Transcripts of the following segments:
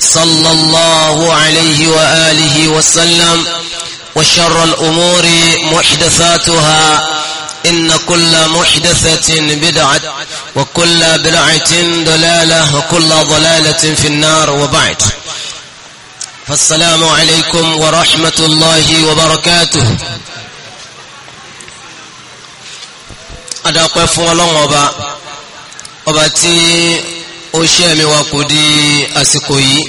صلى الله عليه وآله وسلم وشر الأمور محدثاتها إن كل محدثة بدعة وكل بدعة ضلالة وكل ضلالة في النار وبعد فالسلام عليكم ورحمة الله وبركاته أدعوكم فوالله وبا وباتي أشياء وكودي أسكوي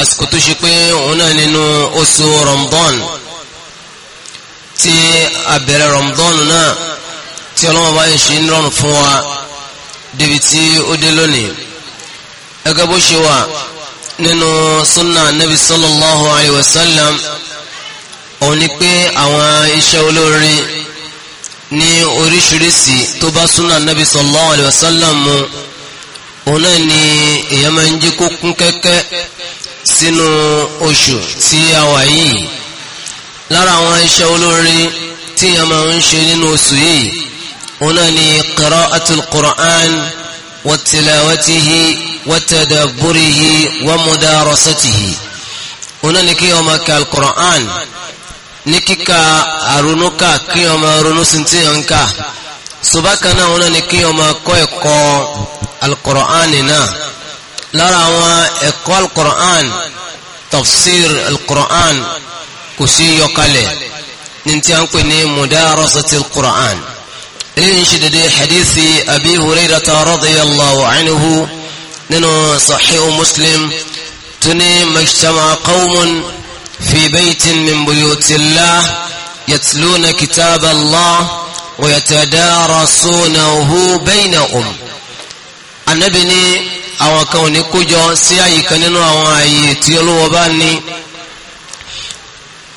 àsìkò tó ṣe pé òun náà nínú oṣù Ramadan tí abẹ̀rẹ̀ Ramadan náà tí ọlọ́wọ́ bá ń ṣe ń rọrùn fún wa débi tí ó dé lónìí ẹgẹ́ bó ṣe wà nínú sunna nabi sallallahu alayhi wa sallam òun ni pé àwọn iṣẹ́ olóore ní oríṣiríṣi tó bá sunna nabi sallallahu alayhi wa sallam mu òun náà ni èèyàn máa ń jí kó kún kẹ́kẹ́ sínú oṣù tí a wà yìí lára àwọn iṣẹ́ olórin tí a máa ń ṣe nínú oṣù yìí òun náà ni qira'atul Qur'an wa tilawatihi wa tadabburihi wa mudarasatihi òun náà ni kí ó máa ka ní kíka àrònúkà kí ó máa tí a ń kà subakana òun náà ni kí ó máa kọ́ ẹ̀kọ́ náà. لروا اقوال قران تفسير القران كسيو قالي ننتي انكوني مدارسة القران انشد دي حديث ابي هريرة رضي الله عنه ننو صحيح مسلم تني مجتمع قوم في بيت من بيوت الله يتلون كتاب الله ويتدارسونه بينهم النبي àwọn kan ò ní kójọ sí àyè kan nínú àwọn àyè tí olówó bá ní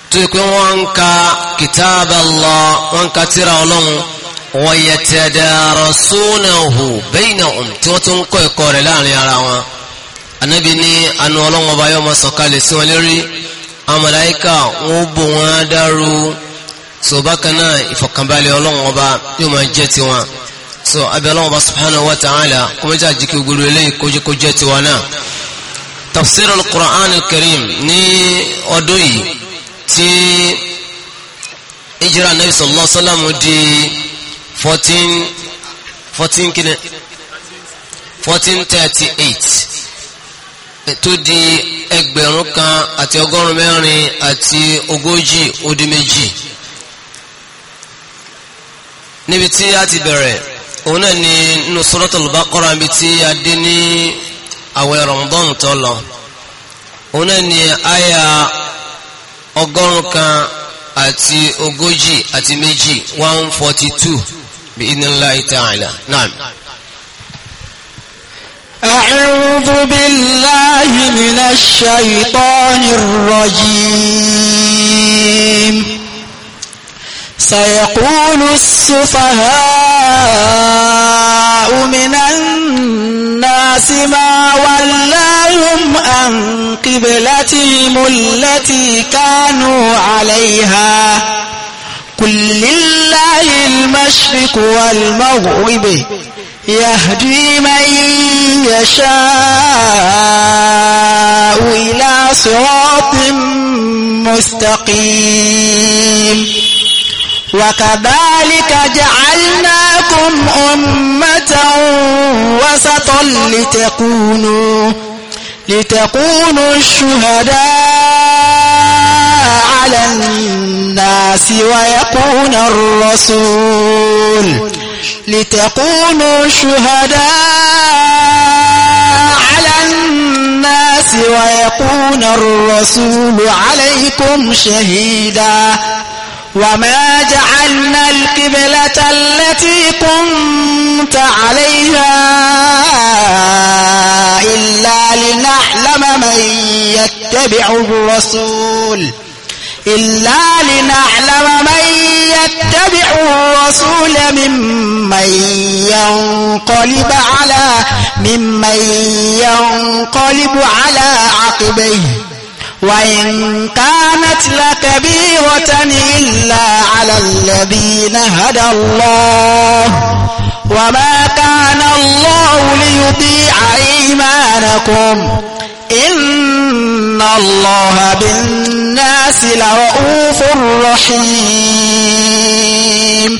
tó yẹ pé wọ́n ń ka kìtáàbà lọ wọ́n ń ka tíra ọlọ́run wọ́n yẹ tẹ̀dẹ̀rọ̀ sónàhù bẹ́yìnà ọ̀hún tí wọ́n tún ń kọ́ ẹ̀kọ́ láàrin ara wọn anabi ní anu ọlọ́run ọba yóò máa sọ̀kalẹ̀ sí wọn lérí àwọn wọn ó bò wọn dàrú sọ bákan náà ìfọ̀kànbalẹ̀ ọlọ́run ọba yóò máa jẹ́ tiwọn so abẹ́lẹ́ wọn bá subhanahu wa ta'ala kó mẹ́jà jíkì gbogbo eléyìí kójúkójú ẹ̀ tiwa náà tafsir al-Qur'an al-Karim ní ọdún yìí tí ijira nabi sallallahu alayhi wa sallam di fourteen fourteen kìnnì fourteen thirty eight tó di ẹgbẹ̀rún kan àti ọgọ́rùn mẹ́rin àti ogójì ó dín méjì níbi tí a ti bẹ̀rẹ̀ òun náà ni nínú Suratul Baqara níbi tí a dé ní àwẹ̀ Ramadan tó lọ òun náà ni àyà ọgọ́rùn kan àti ogójì àti méjì one forty two bi idhnillahi ta'ala naam. أعوذ بالله من الشيطان الرجيم سيقول السفهاء من الناس ما ولاهم عن قبلتهم التي كانوا عليها قل لله المشرق والمغرب يهدي من يشاء إلى صراط مستقيم وكذلك جعلناكم أمة وسطا لتكونوا لتكونوا الشهداء على الناس ويكون الرسول لتكونوا شهداء على الناس ويكون الرسول عليكم شهيداً وما جعلنا القبلة التي كنت عليها إلا لنعلم من يتبع الرسول إلا لنعلم من يتبع الرسول ممن ينقلب على ممن ينقلب على عقبيه وإن كانت لكبيرة إلا على الذين هدى الله وما كان الله ليضيع إيمانكم إن الله بالناس لرؤوف رحيم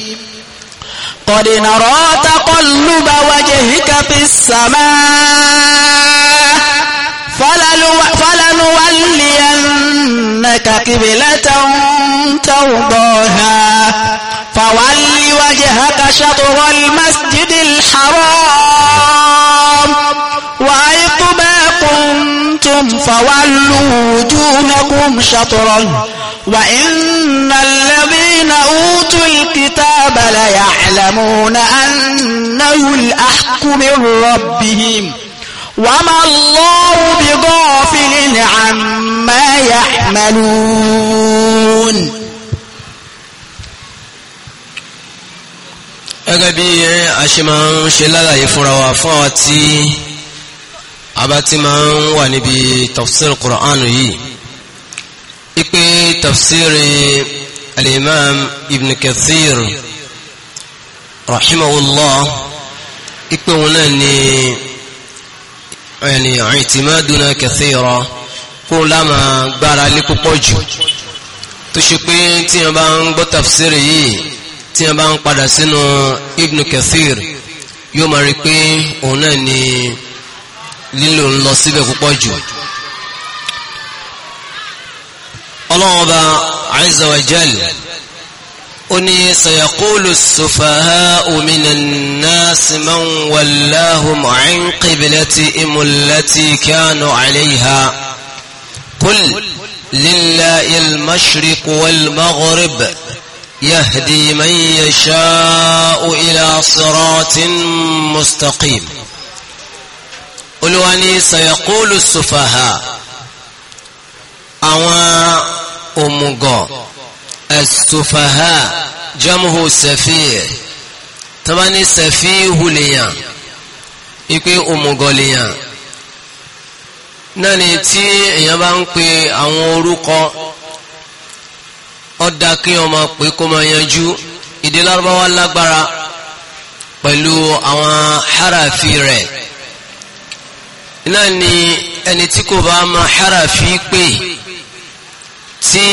قد نرى تقلب وجهك في السماء فلنولينك قبلة ترضاها فول وجهك شطر المسجد الحرام وحيث ما كنتم فولوا وجوهكم شطرا وإن الذين أوتوا الكتاب ليعلمون أنه الأحق من ربهم وما الله بغافل عما يحملون أغبي أشما شلالا يفروا فاتي أباتي ما ونبي تفسير القرآن يي إكي تفسير الإمام ابن كثير رحمه الله إكي ونني يعني اعتمادنا كثيرا kó lámà gbára lé púpọ̀ jù tó ṣe pé tí wọ́n bá ń gbọ́ tafsir yìí tí wọ́n bá ń padà sínú Ibn Kathir yóò máa rí pé òun náà ni lílò ń lọ síbẹ̀ púpọ̀ jù. Ọlọ́run Ọba Azza wa أني سيقول السفهاء من الناس من ولاهم عن قبلتهم التي كانوا عليها قل لله المشرق والمغرب يهدي من يشاء إلى صراط مستقيم قل واني سيقول السفهاء أوا أمغو as-sufaha jamuhu safih tọ́ba ní safihu lèyàn ipe òmùgọ̀ lèyàn náà ni tí èèyàn bá ń pe àwọn orúkọ ọ̀dà kí ọmọ pé kó máa yanjú ìdí lárúbáwá lágbára pẹ̀lú àwọn harafi rẹ̀ náà ni ẹni tí kò bá máa harafi pè tí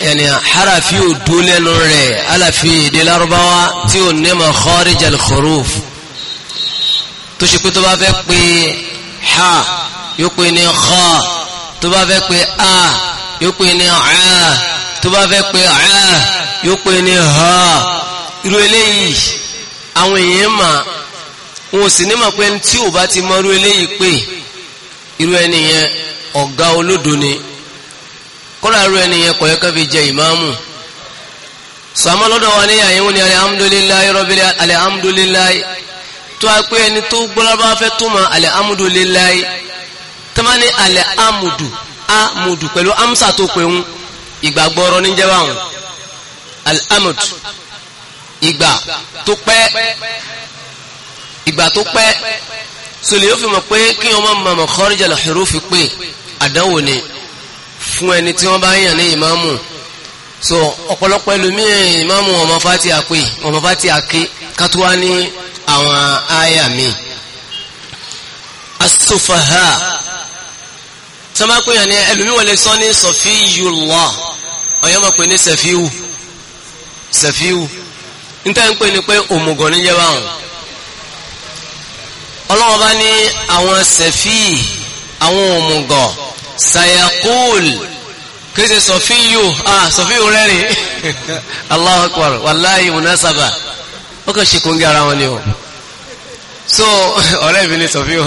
yẹni harafi ò dúó lẹ́nu rẹ̀ aláfi èdè lárúbáwá tí ò ní ma kharij al-khuruf tó ṣe pé tó bá fẹ́ pé ha yóò pé ní kha tó bá fẹ́ pé a yóò pé ní a tó bá fẹ́ pé a yóò pé ní ha irú eléyìí àwọn èèyàn mà wọn ò sì ní mà pé tí ò bá ti mọ irú eléyìí pé irú ẹni yẹn ọ̀gá olódo ni kódà ru ẹnìyẹn kò yẹ ká fi jẹ ìmáàmù sàmọ́ lọ́dọ̀ wa níyà yín ní alihamudulilayi rọ́bìlì alihamudulilayi tó a pé ẹni tó gbọ́lábá fẹ́ tó ma alihamudulilayi tẹ́má ní alihamudu amudu pẹ̀lú amsa tó pé ń ìgbàgbọ́ ọ̀rọ̀ ní jẹ́wọ́ àwọn alihamudu ìgbà tó pẹ́ ìgbà tó pẹ́ sọlẹ̀ yóò fi mọ̀ pé kí wọ́n máa mọ̀ àdánwò ni fún ẹni tí wọ́n bá yàn ní ìmáàmù so ọ̀pọ̀lọpọ̀ ẹlòmíràn ìmáàmù ọmọ fati àpè ọmọ fati àké kátúwá ní àwọn àyà mi. asòfàhà tí wọ́n bá pè yàn ní ẹlòmíràn lè sọ ní sọfíyùlọ́ ọ̀yọ́ máa pè ní sẹ̀fíwù sẹ̀fíwù níta ń pè ní pé òmùgọ̀ níjẹ́ báwọn ọlọ́wọ́n bá ní àwọn sẹ̀fíì àwọn òmùgọ̀ sayakul kìí ṣe sọ̀fíyò ah sọ̀fíyò rẹ́rìn Allahu akbar wàláyé munasaba ó kàn ṣe kóńgé ara wọn ni o so ọ̀rẹ́ mi ni sọ̀fíyò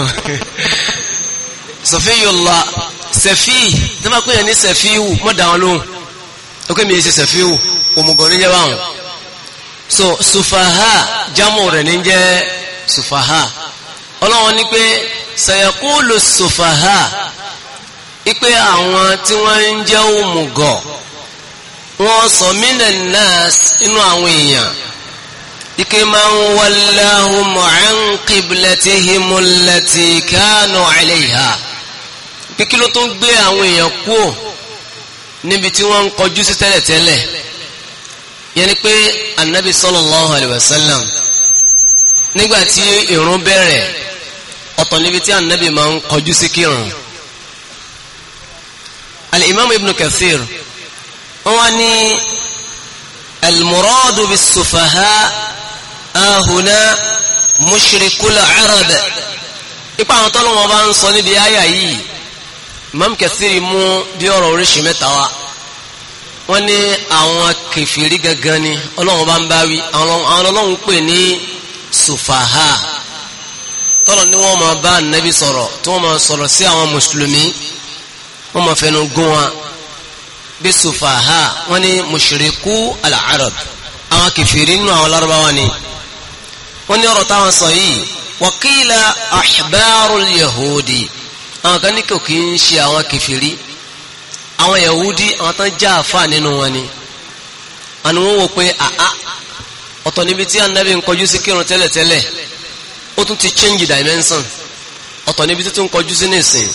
sọ̀fíyò la sẹ̀fí tí wọ́n pè é ní sẹ̀fíwù mọ́dà wọn lóhùn ó kẹ́ mi ṣe sẹ̀fíwù òmùgọ̀ níjẹ́ báwọn so sufaha jámù rẹ̀ níjẹ́ sufaha ọlọ́wọ́n ni pé sayakulu sufaha ipe àwọn tí wọ́n ń jẹ́ òmùgọ̀ wọ́n sọ mílẹ̀ nas inú àwọn èèyàn ike máa ń wàláhu mọ̀ánkìbìlẹ̀tì himulẹ̀tì kánú àlẹ́yà bí kí ló tó ń gbé àwọn èèyàn kúò níbi tí wọ́n ń kọjú sí tẹ́lẹ̀tẹ́lẹ̀ yẹn pé anabi sallallahu alayhi wa sallam nígbà tí ìrun bẹ̀rẹ̀ ọ̀tọ̀ níbi tí anabi máa ń kọjú sí kírun al-imam ibn kathir wọ́n ní al-muradu bis-sufaha ahuna mushrikul arab ipa àwọn tọ́lọ́wọ́n bá ń sọ níbi àyà yìí imam kathir mú bí ọ̀rọ̀ oríṣi mẹ́ta wá wọ́n ní àwọn kẹfìrí gangan ni ọlọ́wọ́n bá ń bá wí àwọn ọlọ́wọ́n pè ní sufaha tọ́lọ̀ ni wọ́n máa bá nàbí sọ̀rọ̀ tí wọ́n máa sọ̀rọ̀ sí àwọn mùsùlùmí wọ́n máa fẹnu gún wa bí sùfàhà wọ́n ní mùṣírikù al-arab àwọn kẹfìrí nínú àwọn lárúbáwá ni wọ́n ní ọ̀rọ̀ táwọn sọ yìí wàkìlà ahbarul yahudi àwọn kan ní kò kí ń ṣe àwọn kẹfìrí àwọn yahudi àwọn tán já àfà nínú wọn ni àni wọ́n wò pé àá ọ̀tọ̀ níbi tí anabi ń sí kírun tẹ́lẹ̀tẹ́lẹ̀ ó tún ti change dimension ọ̀tọ̀ níbi tí tún kọjú sí nísìnyí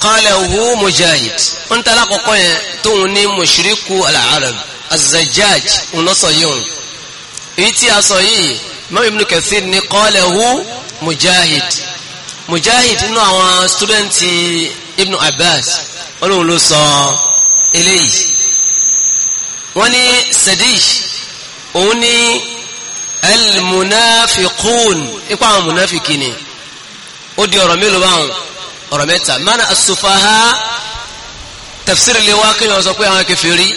qala hu mujahid ń tala kọ̀kọ́ yẹn tóun ní mushriku al-arab az-zajjaj ń lọ sọ yìí èyí tí a sọ yìí mọ́ ibn kathir ní qala hu mujahid mujahid nínú àwọn stúdẹ́ǹtì ibn abbas olóhùn ló sọ eléyìí wọ́n ní òun ní al ipa àwọn munafiki ó di ọ̀rọ̀ mélòó báwọn ọ̀rọ̀ mẹ́ta mana asufaha tafsir lè wá kí wọ́n sọ pé àwọn kèfèrí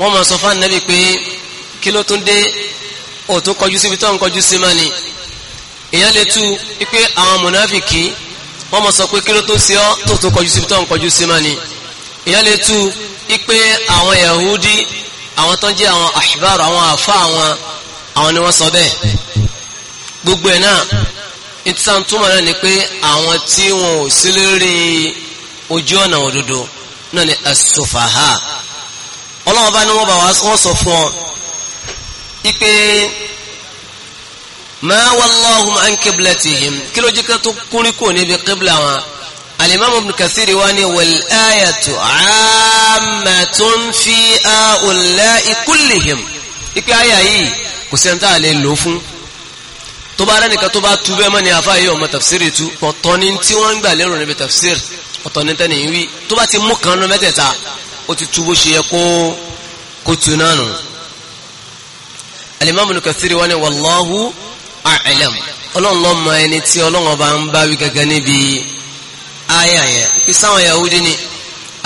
wọ́n máa sọ fún anabi pé kí ló tún dé òtún kọjú síbi tó ń kọjú sí mani èèyàn lè tu pé àwọn mùnàfìkì wọ́n máa sọ pé kí ló tún sí ọ́ tó tún kọjú síbi tó ń kọjú sí mani èèyàn lè tu pé àwọn yahudi àwọn tó ń jẹ́ àwọn ahbar àwọn àfa àwọn àwọn ni wọ́n sọ bẹ́ẹ̀ gbogbo ẹ̀ náà ìtìsàntúmọ̀ náà ni pé àwọn tí wọn ò sí lérí ojú ọ̀nà òdodo náà ni as-sufaha ọlọ́wọ́n bá ní wọ́n bá wá wọ́n sọ fún ọ ipe ma wallahum an qiblatihim kí ló jẹ́ ká tó kúrí kò níbi qibla wọn al ibn kathiri wa ni wal ayatu ammatun fi ha'ula'i kullihim ipe àyà kò sẹ́ńtà lè lò fún tó bá rẹ́nìkan tó bá tú bẹ́ẹ̀ mọ́ ni àfa yìí ọmọ tafsiri tú ọ̀tọ̀ ni tí wọ́n ń gbà lérò níbi tafsiri ọ̀tọ̀ ni tẹ́ni wí tó bá ti mú kan nú mẹ́tẹ̀ẹ̀ta ó ti tú bó ṣe yẹ kó kó tu náà nù. alimami nu Kathiri wọn ni wallahu a'lam ọlọ́run ló mọ ẹni tí ọlọ́run bá ń bá wí gẹ́gẹ́ níbi ayà yẹn kí sáwọn Yahudi ni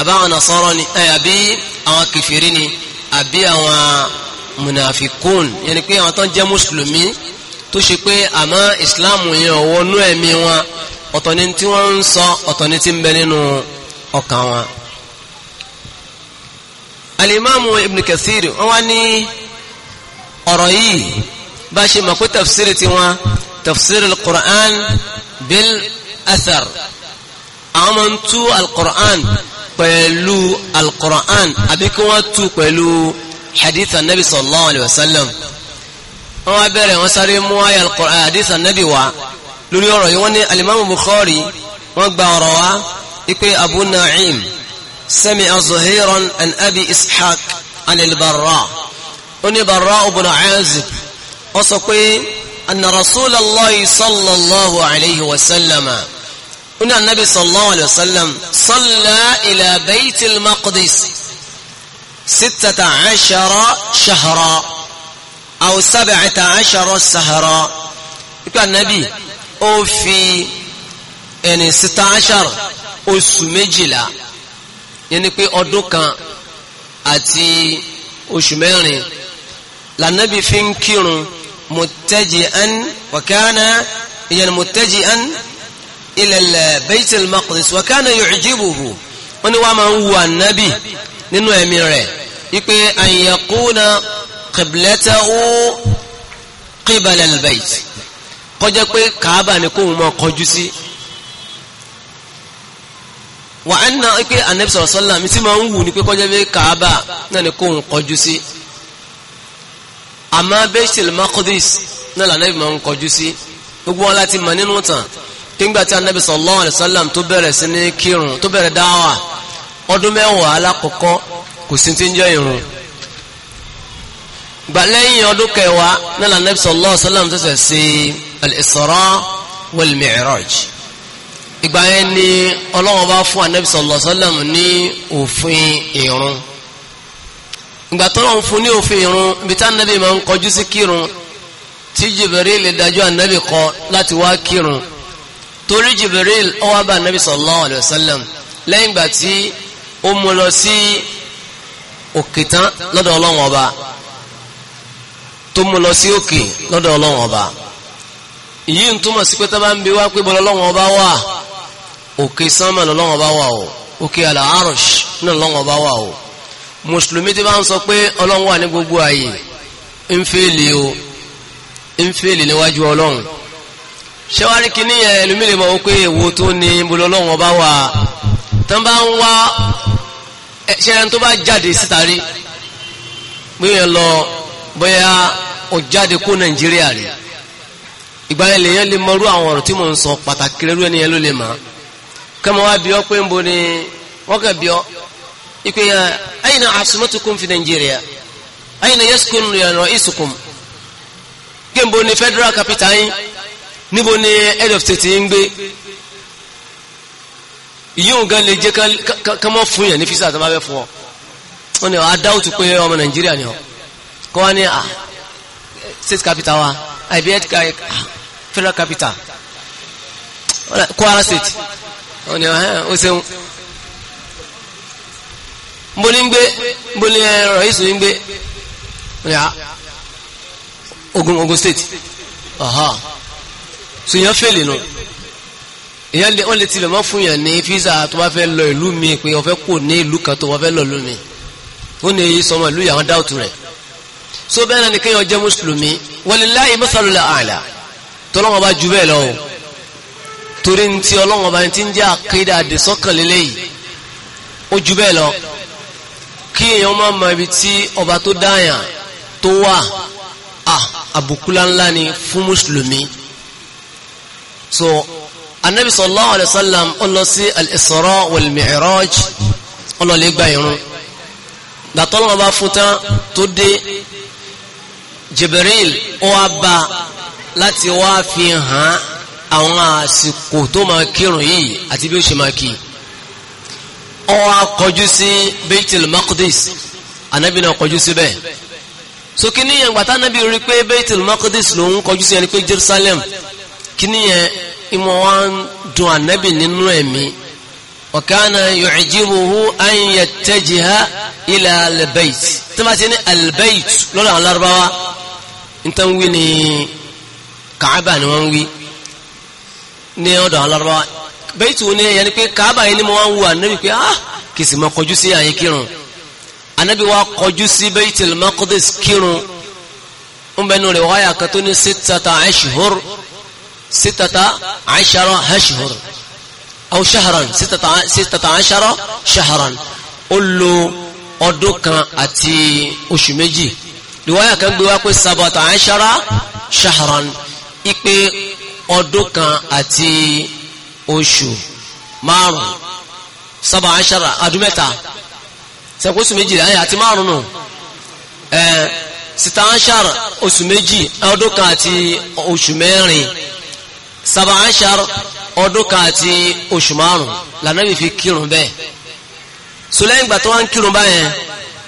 àbáwọn Nasara ni àbí àwọn kèfèrí ni àbí àwọn munafikun yẹn ni pé àwọn tó ń jẹ́ mùsùlùmí tó ṣe pé àmọ́ ìsìláàmù yẹn ọ̀wọ́ nú ẹ̀mí wọn ọ̀tọ̀ ni tí wọ́n ń sọ ọ̀tọ̀ ni tí ń bẹ nínú ọkàn wọn. alimami ibn kathir wọn wá ní ọ̀rọ̀ yìí bá ṣe mọ̀ pé tafsir tiwọn tafsir al bil athar àwọn máa ń tú al pẹ̀lú al àbí kí wọ́n tú pẹ̀lú hadith anabi sallallahu alayhi wa sallam wọ́n wá bẹ̀rẹ̀ wọ́n sáré mú àyà àdìs ànábì wá lórí ọ̀rọ̀ yìí wọ́n ní alimami bukhari wọ́n gba ọ̀rọ̀ wá ipe abu na'im sami'a zuhairan an abi ishaq an al-barra ó ní sọ pé anna rasulallah sallallahu alayhi wa sallama ó ní anabi sallallahu alayhi wa sallam salla ila baytil maqdis sittata ashara shahra àwọn sábẹ̀ àti àṣàrọ̀ sàhárọ̀ wípé ànábì ó fi ẹni síta àṣàrọ̀ oṣù méjìlá yẹn ni pé ọdún kan àti oṣù mẹ́rin lànàbì fi ń kírun mutaji'an wa kana ìyẹn mutaji'an ilal baytil maqdis wa kana yu'jibuhu wọ́n ni wọ́n máa ń wu ànábì nínú ẹ̀mí rẹ̀ wípé an yaquna qiblatahu qibala al-bayt kọjá pé kàábà ni kóhun máa kọjú sí wà á nà pé anabi sallallahu alaihi wasallam tí máa ń wù ní pé kọjá pé kàábà náà ni kóhun kọjú sí àmọ́ Baitul Maqdis náà lànàbì máa ń kọjú sí gbogbo wọn láti mọ̀ nínú tàn nígbà tí anabi sallallahu alaihi wasallam tó bẹ̀rẹ̀ sí ní kírun tó bẹ̀rẹ̀ dáwà ọdún mẹ́wàá alákọ̀ọ́kọ́ kò sí ti ń jẹ́ ìrun gbàlẹ́yìn ọdún kẹwàá nílà nabi sallallahu alaihi wasallam ṣẹ̀ṣẹ̀ sí al-Isra wal-Mi'raj ìgbà yẹn ni Ọlọ́hun bá fún anabi sallallahu alaihi wasallam ní òfin ìrun ìgbà tó lọ́wọ́ fún ní òfin ìrun ibi tá anabi máa ń kọjú sí kírun tí Jibril dájọ́ anabi kọ láti wá kírun torí Jibril ó bá anabi sallallahu tó mú lọ sí òkè lọ́dọ̀ ọlọ́run ọba èyí ń túmọ̀ sí pé tó bá ń bi wá pé bọ́lá ọlọ́run ọba wà òkè sánmà lọ́lọ́run ọba wà o òkè àlàárọ̀ṣ náà lọ́lọ́run ọba wà o mùsùlùmí ti bá ń sọ pé ọlọ́run wà ní gbogbo àyè ń fèlè o ń fèlè níwájú ọlọ́run ṣẹ́wárí kìíní yẹn ẹlòmílẹ̀ mọ̀ pé èwo tó ní bọ́lá ọlọ́run ọba wà tó bá ń wá ṣẹ́yìn tó bá jáde síta rí gbé yẹn lọ bóyá ó jáde kó nàìjíríà rẹ̀ ìgbà yẹn lèyàn lè mọrú àwọn ọ̀rọ̀ tí mò ń sọ pàtàkì rẹ̀ lóyún yẹn ló lè mọ̀ kẹ́mọ́ wá bí ọ pé ń bo ni wọ́n kẹ́ bí ọ ìpè yẹn ayna asmatukum fi nàìjíríà ayna yaskunu raisukum géńbo ni federal capital yín níbo ni head of state yín gbé yíò gan lè jẹ́ kán fún yẹn ní fisa tó bá fẹ́ fún ọ wọ́n ni àdáwò tó pé ọmọ nàìjíríà ni ọ kọ́ wá ní ah, state capital wa àbí ah, federal capital Kwara state wọ́n ní ó ṣeun mbóni eh, ń gbé mbóni ẹ̀rọ ah, ìsìn ń gbé Ogun Ogun state ọ̀hán so èèyàn fèlè nù èèyàn lè wọ́n lè tilẹ̀ mọ́ fún yàn ní fíìsà tó bá fẹ́ lọ ìlú mi pé ó kò ní ìlú kan tó wọ́n fẹ́ lọ ìlú mi ó ní sọmọ ìlú yàwọn dáùtù rẹ̀ so bẹ́ẹ̀ náà ni kéèyàn jẹ́ mùsùlùmí walillahi masalul a'la tọ́lọ́wọ́n bá ju bẹ́ẹ̀ lọ o torí ní ti ọlọ́wọ́n bá ti ń jẹ́ àkéde àdìsọ́kànlélẹ́ yìí ó ju bẹ́ẹ̀ lọ kí èèyàn má mọ ibi tí ọba tó dáyàn tó wà á àbùkù ni fún mùsùlùmí so anabi sallallahu alayhi wa sallam ó sí al-isra wal-mi'raj ó lọ lè gba irun gbàtọ́lọ́wọ́n bá fún tán tó dé Jibril ó wá bá láti wá fi hàn àwọn àsìkò tó máa kírun yìí àti bí ó ṣe máa kí ó wá kọjú sí Baitul Maqdis anabi náà kọjú síbẹ̀ so kí ni yẹn gbàtà anabi rí pé Baitul Maqdis lòun kọjú sí ẹni pé Jerusalem kí yẹn ìmọ̀ wa ń dùn anabi nínú ẹ̀mí wa kana yu'jibuhu an yattajiha tí wọ́n ti ní al lọ́dọ̀ àwọn lárúbáwá nítorí wí ni kàábà ni wọ́n ń wí ní ọ̀dọ̀ alárọ́bá bẹ́ẹ̀ tó ní ẹ̀yẹn ni pé kàábà yìí ni mo wá ń wo ànábì pé ah kì í sì mọ kọjú sí àyè kírun ànábì wa kọjú sí Baitul Maqdis kírun ń bẹnu rẹ̀ wáyà kan tó ní sítata ashhur sítata ashara aw shahran sítata ashara shahran ó lo ọdún kan àti oṣù méjì riwaya kan gbé wá pé sabata ashara shahran ipe ọdún kan àti oṣù márùn saba ashara ọdún mẹ́ta sẹkóṣù méjì ayé àti márùn nù ẹ sita ashara oṣù méjì ọdún kan àti oṣù mẹ́rin saba ashara ọdún kan àti oṣù márùn lànàbì fi kírun bẹ́ẹ̀ sọlẹ́yìn gbà wá ń kírun báyẹn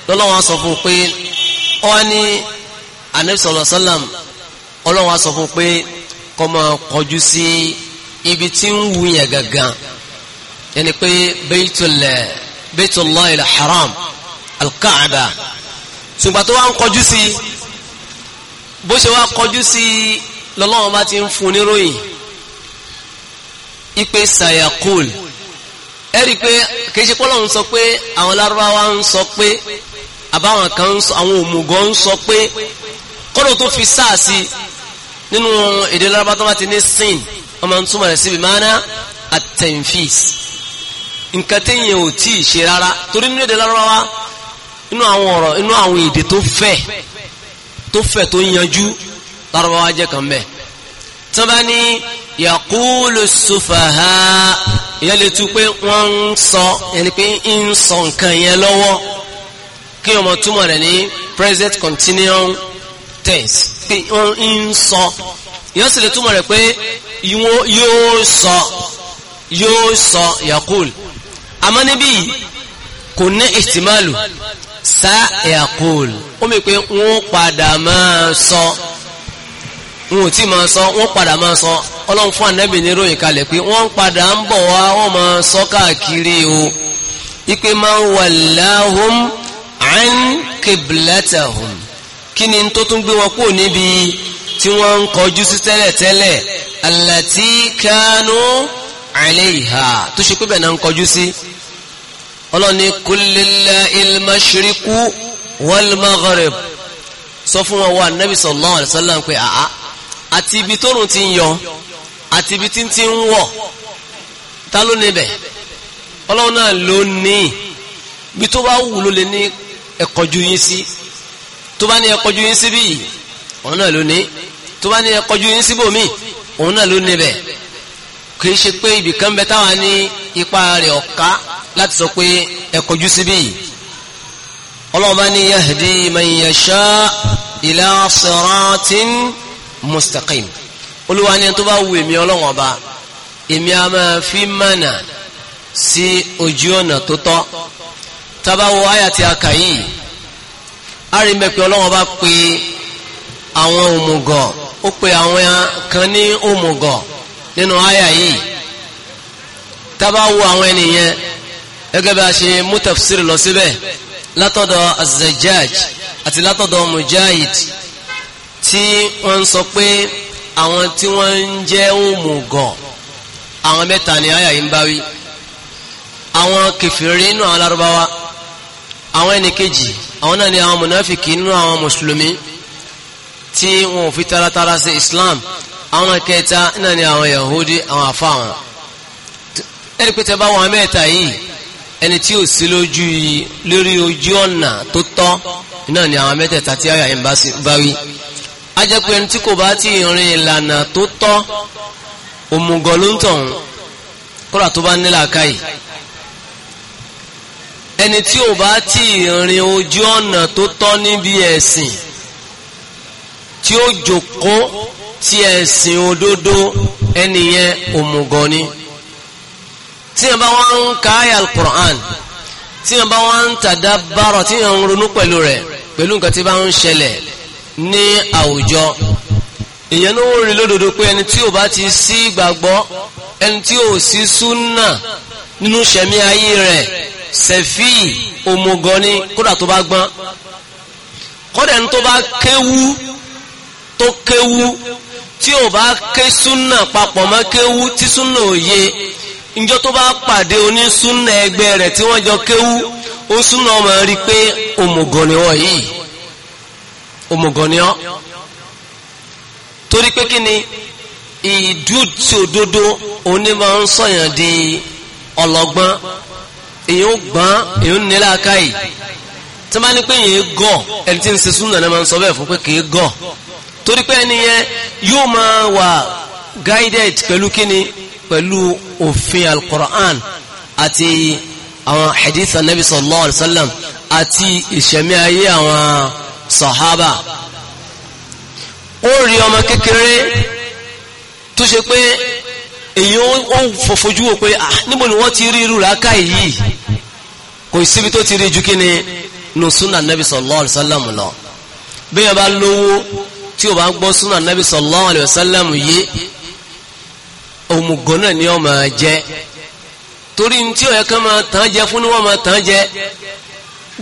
lọ́lọ́wọ́n sọ fún un pé ọwọ́ ní anabi sallallahu alaihi wasallam ọlọ́run á sọ fún pé kọ́ máa kọjú sí ibi tí ń wù yẹn gangan yẹni pé baitul baitullah al-haram al-kaaba ṣùgbọ́n tó wá ń kọjú sí bó ṣe wá kọjú sí lọ́lọ́run bá ti ń fún níròyìn ipe sayakul ẹ̀rí pé kì í ṣe pọ́lọ́run sọ pé àwọn lárúbáwá ń sọ pé àbáwọn kan àwọn òmùgọ̀ ń sọ pé kọ́dọ̀ tó fi sáàsì nínú èdè lọ́rọ́bá tó bá ní sin wọ́n máa ń rẹ̀ síbi máa ná at-tanfis nǹkan téèyàn ò tí ì ṣe rárá torí nínú èdè lọ́rọ́bá wa inú àwọn ọ̀rọ̀ inú àwọn èdè tó fẹ̀ tó fẹ̀ tó yanjú lọ́rọ́bá wa jẹ́ kan bẹ́ẹ̀ tí wọ́n bá ní yaqulu sufaha ìyẹn lè tu pé wọ́n ń sọ ẹni pé ń sọ nǹkan yẹn lọ́wọ́ kí ọmọ túmọ̀ rẹ̀ ní present continuous tense pé wọ́n ń sọ yóò sì lè túmọ̀ rẹ̀ pé yóò sọ yóò sọ yakul àmọ́ níbí kò ní ìtìmálù sá yakul ó mi pé wọ́n padà máa sọ wọn ò tí máa sọ wọ́n padà máa sọ ọlọ́run fún ànábì ní ròyìn kalẹ̀ pé wọ́n padà ń bọ̀ wá wọ́n máa sọ káàkiri o ipe máa wà láhùn an qiblatahum kí ni tó tún gbé wọn kúrò níbi tí wọ́n ń kọjú sí tẹ́lẹ̀tẹ́lẹ̀ allati kanu alayha tó ṣe pé bẹ́ẹ̀ náà ń kọjú sí ọlọ́ni kul lillahil mashriqu wal sọ fún wọn wà nabi sallallahu alaihi wasallam pé àá àti ibi tóòrùn ti ń yọ àti ibi tí ń ti ń wọ̀ ta ló níbẹ̀ ọlọ́run náà ló ní ibi tó bá wù ló lè ní ẹ kọjú yín sí tó bá ní ẹ kọjú yín sí bíi òun náà ló ní tó bá ní ẹ kọjú yín síbòmí òun náà ló ní bẹ̀ kì í ṣe pé ibìkan bẹ táwa ní ipa rẹ̀ ọ̀ká láti sọ pé ẹ kọjú síbí ọlọ́ọ̀bá ní yahdi man yasha ila mustaqim olúwa ni tó bá wù èmi ọlọ́wọ̀n èmi a máa fi mànà sí ojú ọ̀nà tó tọ́ tabawo àyà tí a kà yìí a rí mẹ́pẹ́ ọlọ́wọ́n bá pe àwọn òmùgọ̀ ó pe àwọn kan ní òmùgọ̀ nínú àyà yìí tabawo àwọn ènìyàn gẹ́gẹ́ bí a ṣe mú tafsir lọ síbẹ̀ látọ̀dọ̀ az-Zajjaj àti látọ̀dọ̀ Mujahid tí wọ́n sọ pé àwọn tí wọ́n ń jẹ́ òmùgọ̀ àwọn mẹ́ta ni àyà yìí ń báwí àwọn kẹfìrí inú àwọn Lárúbáwá àwọn ẹni àwọn náà ni àwọn mùnáfìkì nínú àwọn mùsùlùmí tí wọn ò fi taratara ṣe islam àwọn kẹta náà ni àwọn yahudi àwọn afa wọn ẹni pé tẹ bá wọn mẹ́ta yìí ẹni tí ò sí lójú lórí ojú ọ̀nà tó tọ́ náà ni àwọn mẹ́tẹ̀ẹ̀ta tí àyà yìí bá wí a jẹ́ pé ẹni tí kò bá ti rìn ìlànà tó tọ́ òmùgọ̀ ló ń tọ̀hún kódà tó bá nílà káyìí ẹni tí ò bá tí ìrìn ojú ọ̀nà tó tọ́ níbi ẹ̀sìn tí ó jókòó ti ẹ̀sìn òdodo ẹnìyẹn òmùgọ̀ ni tí yẹn bá wọn ń ka ayà alukur'an tí yẹn bá wọn ń tàdá bárọ̀ tí yẹn ń ronú pẹ̀lú rẹ̀ pẹ̀lú nǹkan tí bá ń ṣẹlẹ̀ ní àwùjọ èyàn ló ń rí lódodo pé ẹni tí ò bá ti sí ìgbàgbọ́ ẹni tí ò sí súnà nínú ṣẹ̀mí ayé rẹ̀ sẹ̀fí òmùgọ̀ ni kódà tó bá gbọ́n kódà ní tó bá kéwú tó kéwú tí ò bá ké súnà papọ̀ mọ́ kéwú tí súnà òye njọ́ tó bá pàdé onísúnà ẹgbẹ́ rẹ̀ tí wọ́n jọ kéwú ó súnà ọmọ rí pé òmùgọ̀ ni yìí òmùgọ̀ ọ́ torí pé kí ni ìdútì òdodo onímọ̀ ń sọ̀yàn di ọlọ́gbọ́n èyàn ó gbọ́n èyàn ó nílá káyì tí wọ́n ní pé èyàn gọ̀ ẹni tí ń ṣe súnà náà máa ń sọ bẹ́ẹ̀ fún pé kì í gọ̀ torí pé ẹni yẹn yóò máa wà guided pẹ̀lú kíni pẹ̀lú òfin al àti àwọn hadith anabi sallallahu alayhi wa sallam àti ìṣẹ̀mí ayé àwọn sahaba ó rí ọmọ kékeré tó ṣe pé èyí ó ń fòfojú wò pé ah níbo ni wọ́n ti rí irú làákà yìí kò síbi tó ti rí ju ni nù súnà nàbì lọ bí yẹn bá o bá gbọ́ súnà nàbì sallallahu alaihi yìí òmùgọ̀ náà ni ó máa jẹ́ torí ní tí je yẹ máa tàn jẹ fún ni wọ́n máa tàn jẹ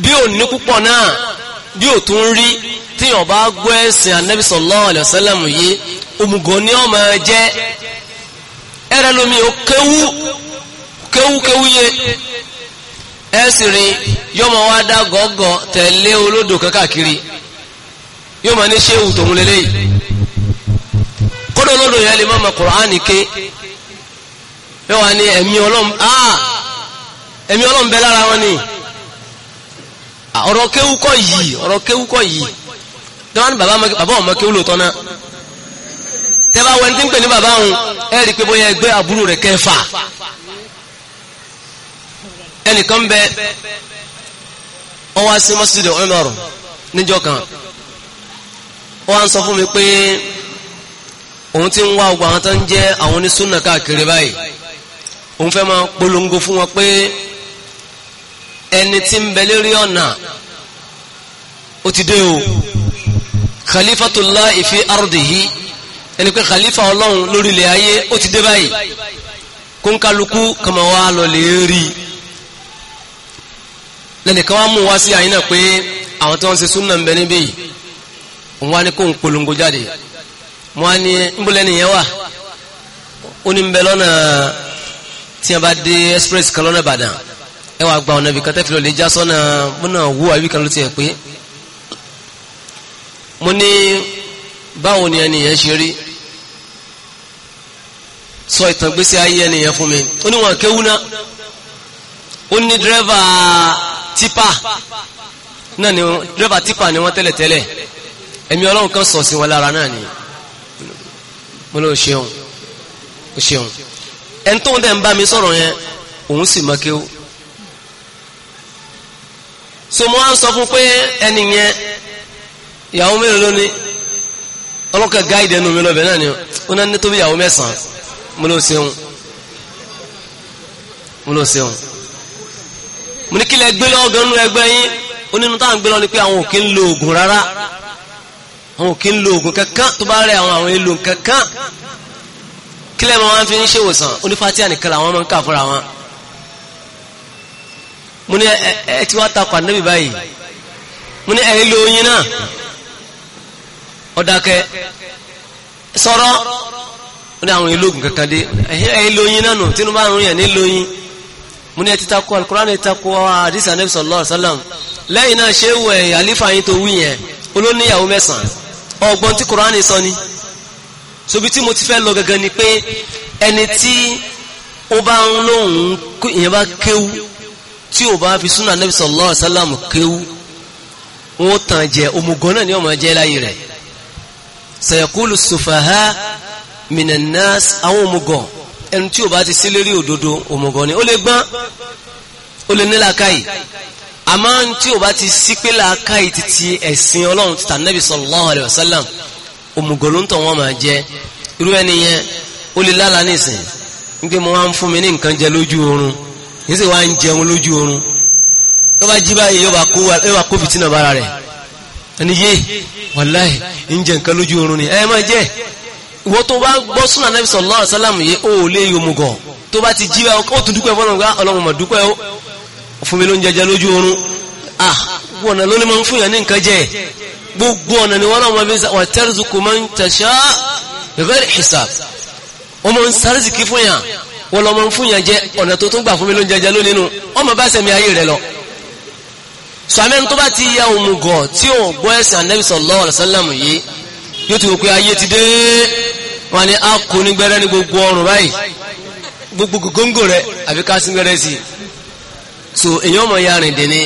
bí ò ní púpọ̀ náà bí ò tún rí tí bá gbọ́ ẹ̀sìn yìí ẹ̀rẹ́ lómi ó kewu kéwú kéwú yẹ ẹ̀sìn rí yọmọ wa dá gọ́gọ́ tẹ̀lé olódò kankáàkiri yóò máa ní ṣéwù tòun lélẹ́yìí kódò olódò yẹn lè má ma Kùránì ké yóò wá ní ẹ̀mí ọlọ́m ah ẹ̀mí ọlọ́m bẹ lára wọn ni ọ̀rọ̀ kéwú kọ́ yìí ọ̀rọ̀ kéwú kọ́ yìí dáwọn bàbá ọmọ kéwú lòótọ́ náà tẹ́bá wẹni tí ń pè ní bàbá òun ẹ rí pé bóyá ẹgbẹ́ àbúrò rẹ̀ kẹfà ẹnìkan bẹ ọwá sí mọ́sídẹ̀ ọ̀nàrọ̀ níjọ́ kan wọ́n á ń sọ fún mi pé òun ti ń wá ọgbà àwọn tó ń jẹ́ àwọn onísúnà káàkiri báyìí òun fẹ́ máa polongo fún wọn pé ẹni tí ń bẹ lérí ọ̀nà ó ti dé o khalifatullah ifi ardihi ẹni pé khalifa ọlọ́run lórí ilẹ̀ ayé ó ti dé báyìí kó ń kálukú kama wá lọ lè rí lẹ́nìkan wá mú wá sí àyínà pé àwọn tí wọ́n ṣe súnà ń bẹ níbí òun wá ní kó ń polongo jáde wọ́n á ní ńbólẹ́ wà ó ní ń bẹ lọ́nà tí a bá dé express kan lọ́nà ìbàdàn ẹ wàá gba ọ̀nà ibìkan tẹ́fìlì olè já sọ́nà múnà wú àbí kan ló ti ẹ̀ pé mo ní báwo ni ẹnìyẹn ṣe rí sọ ìtàn gbésí ayé ẹnìyàn fún mi ó ní wọn kéwú ó ní dírẹ́fà tipa náà ni dírẹ́fà tipa ni wọ́n tẹ́lẹ̀tẹ́lẹ̀ ẹ̀mí ọlọ́run kan sọ̀ sí wọn lára náà ni mo lọ ṣeun ó ṣeun ẹni tó ń dẹ̀ ń bá mi sọ̀rọ̀ yẹn òun sì mọ kéwú so mo wá sọ fún pé ẹni yẹn ìyàwó mélòó ló ní ọlọ́kẹ́ gáìdì ẹnu mi lọ́bẹ̀ náà ni ó náà ní tóbi ìyàwó mẹ́sàn-án mo ló ṣeun mo ló ṣeun mo ní kí lẹ gbé lọ́wọ́ gan nínú ẹgbẹ́ yín onínú táwọn gbé lọ ni pé àwọn ò kí ń lo oògùn rárá àwọn ò kí ń lo oògùn kankan tó bá rẹ àwọn àwọn èlò kankan kí lẹ́mọ̀ wọn fi ń ṣe ìwòsàn onífàtíà nìkan làwọn máa ń kà fúnra wọn mo ní ẹ ti wá takọ̀ ànábì báyìí mo ní ẹ̀rí lo oyin náà ọ̀dàkẹ́ sọ̀rọ̀ ní àwọn ilógun kankan dé ẹ̀yìn lóyìn náà nù tínú bá ń rìn ní lóyìn mú ní ẹtí takọ alukurani takọ àdìsí anabi sallallahu alaihi wasallam lẹ́yìn náà ṣé wọ ẹ̀yìn àlífà yín tó wí olóníyàwó mẹ́sàn-án ni sobi tí mo ti fẹ́ lọ gangan ni pé ẹni tí ó bá ń lóhùn ìyẹn bá kéwú tí tàn jẹ òmùgọ̀ náà ni ọmọ jẹ láyé rẹ sayakulu sufaha minanas àwọn òmùgọ̀ ẹni tí o bá ti sí òdodo ni ó lè gbọ́n ó lè ní làákàyè àmọ́ tí o bá ti sí pé làákàyè títí ẹ̀sìn ọlọ́run ti tànàbì sallallahu alaihi wasallam òmùgọ̀ ló ń tàn wọ́n máa jẹ irú ẹni yẹn ó lè mo wá ń fún mi ní nǹkan jẹ lójú oorun yìí sì wá ń jẹun lójú oorun tó bá jí báyìí yóò bá kó fìtínà bára ẹni yé ń jẹ ni ẹ máa ìwọ tó bá gbọ́ súnà nẹ́bí sallallahu alaihi wasallam yìí ó lé yomugọ̀ tó bá ti jíwẹ́ ó tún dúpẹ́ fọ́nà gbá ah, ọlọ́run mọ̀ dúpẹ́ ó fún mi ló ń jẹjẹ lójú oorun ah ọ̀nà ló ní mọ́ ń fún yàn ní nǹkan jẹ gbogbo ọ̀nà ni wọ́n náà wọ́n fi wà tarzuqu man tasha bighairi hisab wọ́n mọ́ ń sárísìkí fún yàn wọ́n lọ́ mọ́ ń fún yàn jẹ ọ̀nà tó tún gbà fún mi ló ń jẹjẹ lónìí nu ọmọ bá sẹ̀mí ayé rẹ lọ sọ amẹ́ni tó bá ti ya òmùgọ̀ tí ò gbọ́ ẹ̀sìn Ànábì sallallahu alaihi wasallam yìí yóò ti wò pé ayé ti dé wọn ni a kò ní gbẹrẹ ní gbogbo ọrùn báyìí gbogbo góńgò rẹ àbí ká sí gbẹrẹ sí i so èyàn ọmọ ya rìn dèní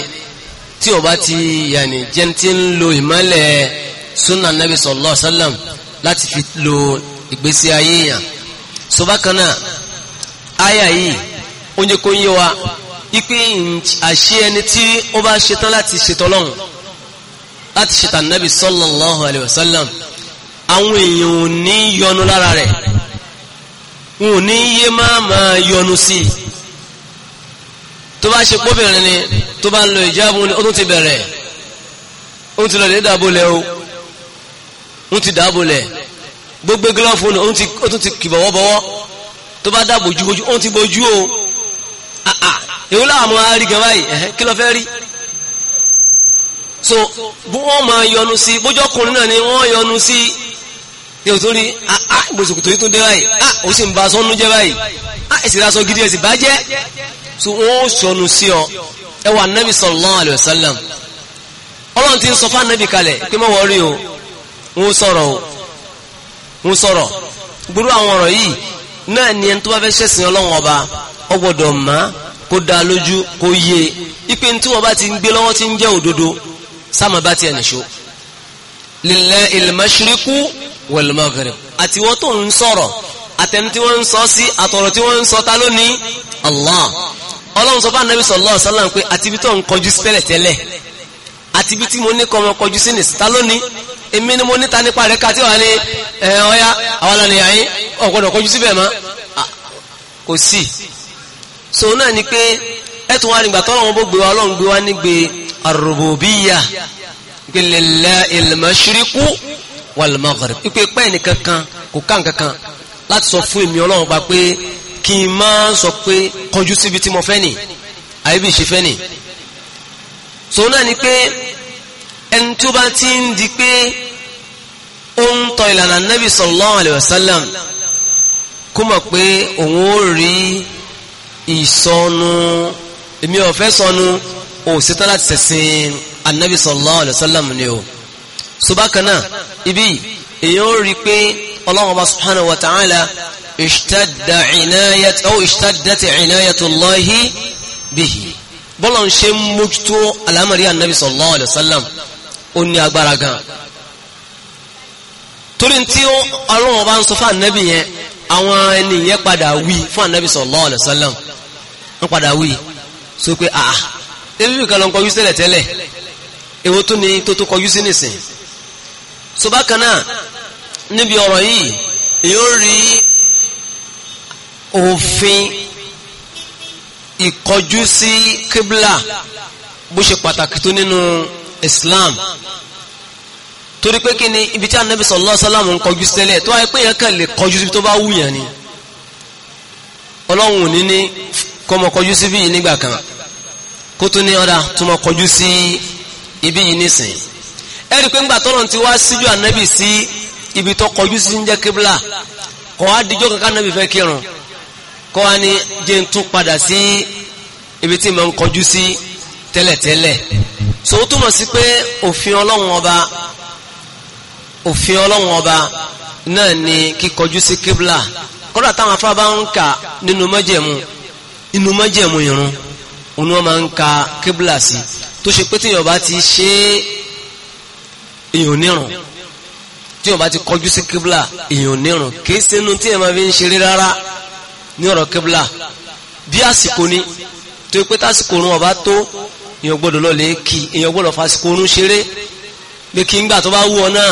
tí o bá ti yàní jẹ́ ń lo ìmọ́lẹ̀ sunna nabi sallallahu alaihi wasallam láti fi lo ìgbésí ayé yàn so bákan náà aya yìí oúnjẹ kò ń yé wa ipe àṣẹ ẹni tí ó bá ṣetán láti ṣetán lọ́hùn láti ṣetán nabi sallallahu alaihi wasallam àwọn èèyàn ò ní yọnu lára rẹ̀ wọn ò ní yé máa máa yọnu sí i tó bá ṣe kóbìnrin ni tó bá ń lo ìjáàbù ni ó tún ti bẹ̀rẹ̀ ó ti lọ lè dàbòlẹ̀ o ó ti dàbòlẹ̀ gbogbo gílọ́ọ̀fù ni ó tún ti kìbọ̀wọ́bọ̀wọ́ tó bá dàbò ju ojú ó ti bojú o èwo láwọn máa gan báyìí kí ló fẹ́ rí so bí wọ́n máa yọnu sí bójọ́kùnrin náà ni wọ́n yọnu sí. Si, ní o tó rí ah ìbòsòkòtò ah, yìí tó dé báyìí ah o sì ń ba aṣọ ń báyìí ah èsì ìrasọ gidi èsì bá jẹ́ so wọ́n ó sọnù sí ọ ẹ wà nẹ́bí sallallahu alaihi wasallam ọlọ́run ti ń sọ fún anẹ́bí kalẹ̀ pé mọ́ wọ́n rí o wọ́n sọ̀rọ̀ o wọ́n sọ̀rọ̀ gbúrú àwọn ọ̀rọ̀ yìí náà ni ẹni tó bá fẹ́ ṣẹ̀sìn ọlọ́run ọba ó gbọ́dọ̀ mọ̀ kó dá lójú kó yé e. ipe tí wọ́n bá ti ń gbé lọ́wọ́ tí ń jẹ́ òdodo sáàmà bá ti nìṣó lillahil mashriqu wal maghrib àti wọ́n tó ń sọ̀rọ̀ àtẹni tí wọ́n ń sọ sí àtọ̀rọ̀ tí wọ́n ń sọ ta lónìí Allah ọlọ́run sọ bá nàbí sallallahu alaihi wasallam pé àti ibi tó ń kọjú sí tẹ́lẹ̀ tẹ́lẹ̀ àti ibi tí mo ní kọ́ ọmọ kọjú sí nìsí ta lónìí èmi ni mo níta nípa rẹ̀ ká wà ní ẹ̀ ọ̀yá àwọn alànìyà yín ọ̀gbọ́dọ̀ kọjú síbẹ̀ mọ́ ah, kò sí so náà ni pé ẹ̀tùn wa nígbà tọ́lọ́wọ́n bó gbé wa ọlọ́run gbé wa nígbé ar-rububiyyah lillahi al-mashriqu wal maghrib pípé pẹ́ nìkan kan kò ká nǹkan kan láti sọ fún èmi ọlọ́run bá pé kí n máa sọ pé kọjú síbi tí mo fẹ́ nì àyíbí ìṣe fẹ́ nì. sòun náà ni pé ẹni tó bá ti ń di pé ó ń tọ ìlànà nabi sallallahu alayhi wa sallam kó mọ̀ pé òun ó rí ìsọnu èmi ò fẹ́ sọnu òsítọ́ láti ṣẹ̀sìn anabi sallallahu alayhi wa sallam ni o. so ibi èyàn ó rí pé ọlọ́run ọba subhanahu wa ta'ala ishtadda inayat aw ishtaddat inayatullahi bihi bọ́lọ̀ ń ṣe mójútó alámàrí ànábì sallallahu alaihi wasallam ó ní agbára gan torí tí ọlọ́run ọba ń sọ fún ànábì yẹn àwọn ẹni yẹn padà wí fún ànábì sallallahu alaihi wasallam wọ́n padà wí so bákan náà níbi ọ̀rọ̀ yìí yóò rí òfin ìkọjú sí kíbla bó ṣe pàtàkì tó nínú Islam torí pé kí ni ibi tí anabi sallallahu alaihi wasallam ń kọjú sílẹ̀ tó wáyé pé yẹn kàn lè kọjú síbi tó bá wù yẹn ni ọlọ́run ò ní ní kọ́ mọ kọjú síbi yìí nígbà kan kó tó ní ọ̀dà tó mọ kọjú sí ibi yìí nísìnyí ẹ̀rí pé ńgbà tọ́lọ̀ ti wá síjú ànábì sí ibi tó kọjú sí ń jẹ́ kébìlà kọ́ wá díjọ́ kankan ànábì fẹ́ kírun kọ́ wá ní jẹ́ ń tún padà sí ibi tí mo ń kọjú sí tẹ́lẹ̀tẹ́lẹ̀ so ó túmọ̀ sí pé òfin ọlọ́run ọba òfin ọlọ́run ọba náà ni kíkọjú sí kébìlà kọ́dà táwọn afárá bá ń kà nínú májẹ̀mú inú májẹ̀mú ìrun òun wọn máa ń ka kébìlà sí tó ṣe pé tíyàn bá ti ṣe é èèyàn nírun tí wọn bá ti kọjú sí kíbla èèyàn nírun kìí sínú tí wọn fi ń ṣeré rárá ní ọ̀rọ̀ kíbla bí àsìkò ni tó pé tásìkò òrùn ọba tó èèyàn gbọ́dọ̀ lọ lè kí èèyàn gbọ́dọ̀ fàsìkò òrùn ṣeré pé kí ngbà tó bá wù ọ náà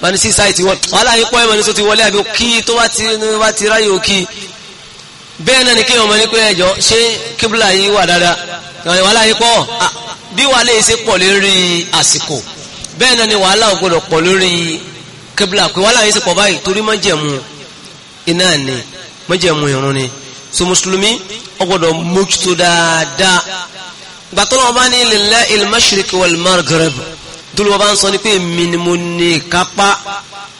bá ní sí sáìtì wọn wàhálà yìí pọ́ ẹ̀mọ́ ní sọ ti wọlé àbí kí tó bá ti ráyè òkì bẹ́ẹ̀ náà ni kí ọmọ ní pé ẹjọ́ ṣé kíbla yìí wà dáadáa wàhálà yìí pọ̀ bí wàhálà yìí ṣe pọ̀ lérí àsìkò bẹ́ẹ̀ náà ni wàhálà ò gbọdọ̀ pọ̀ lórí kébìlà pé wàhálà yìí sì pọ̀ báyìí torí májẹ̀mú iná ni májẹ̀mú ìrun ni so mùsùlùmí ó mójútó dáadáa gbàtọ́lọ́ ọba ní lillahil mashriq wal maghrib dúró ọba ń sọ ní pé èmi ni mo ní kápá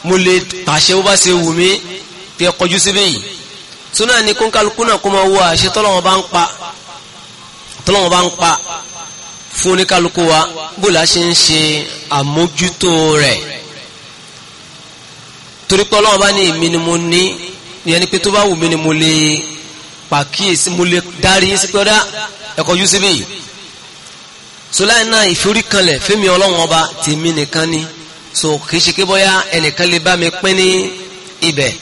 mo lè pàṣẹ bó bá ṣe wù mí pé kọjú síbẹ̀ yìí so náà ni kónkálukú náà kó máa wo àṣẹ tọ́lọ́wọ́n bá ń pa tọ́lọ́wọ́n bá ń pa fún oníkálukú wa bó la ṣe ń ṣe àmójútó rẹ̀ torí pé ọlọ́run bá ní èmi ni mo ní ìyẹn ni pé tó bá wù mí ni mo lè pàkíyèsí mo lè darí sí pé ọ̀dá ẹ̀kọ́ yú síbí sọláì náà ìforíkanlẹ̀ fẹ́mi ọlọ́run ọba tèmi nìkan ni so kìí ṣe pé bóyá ẹnìkan lè bá mi pín ní ibẹ̀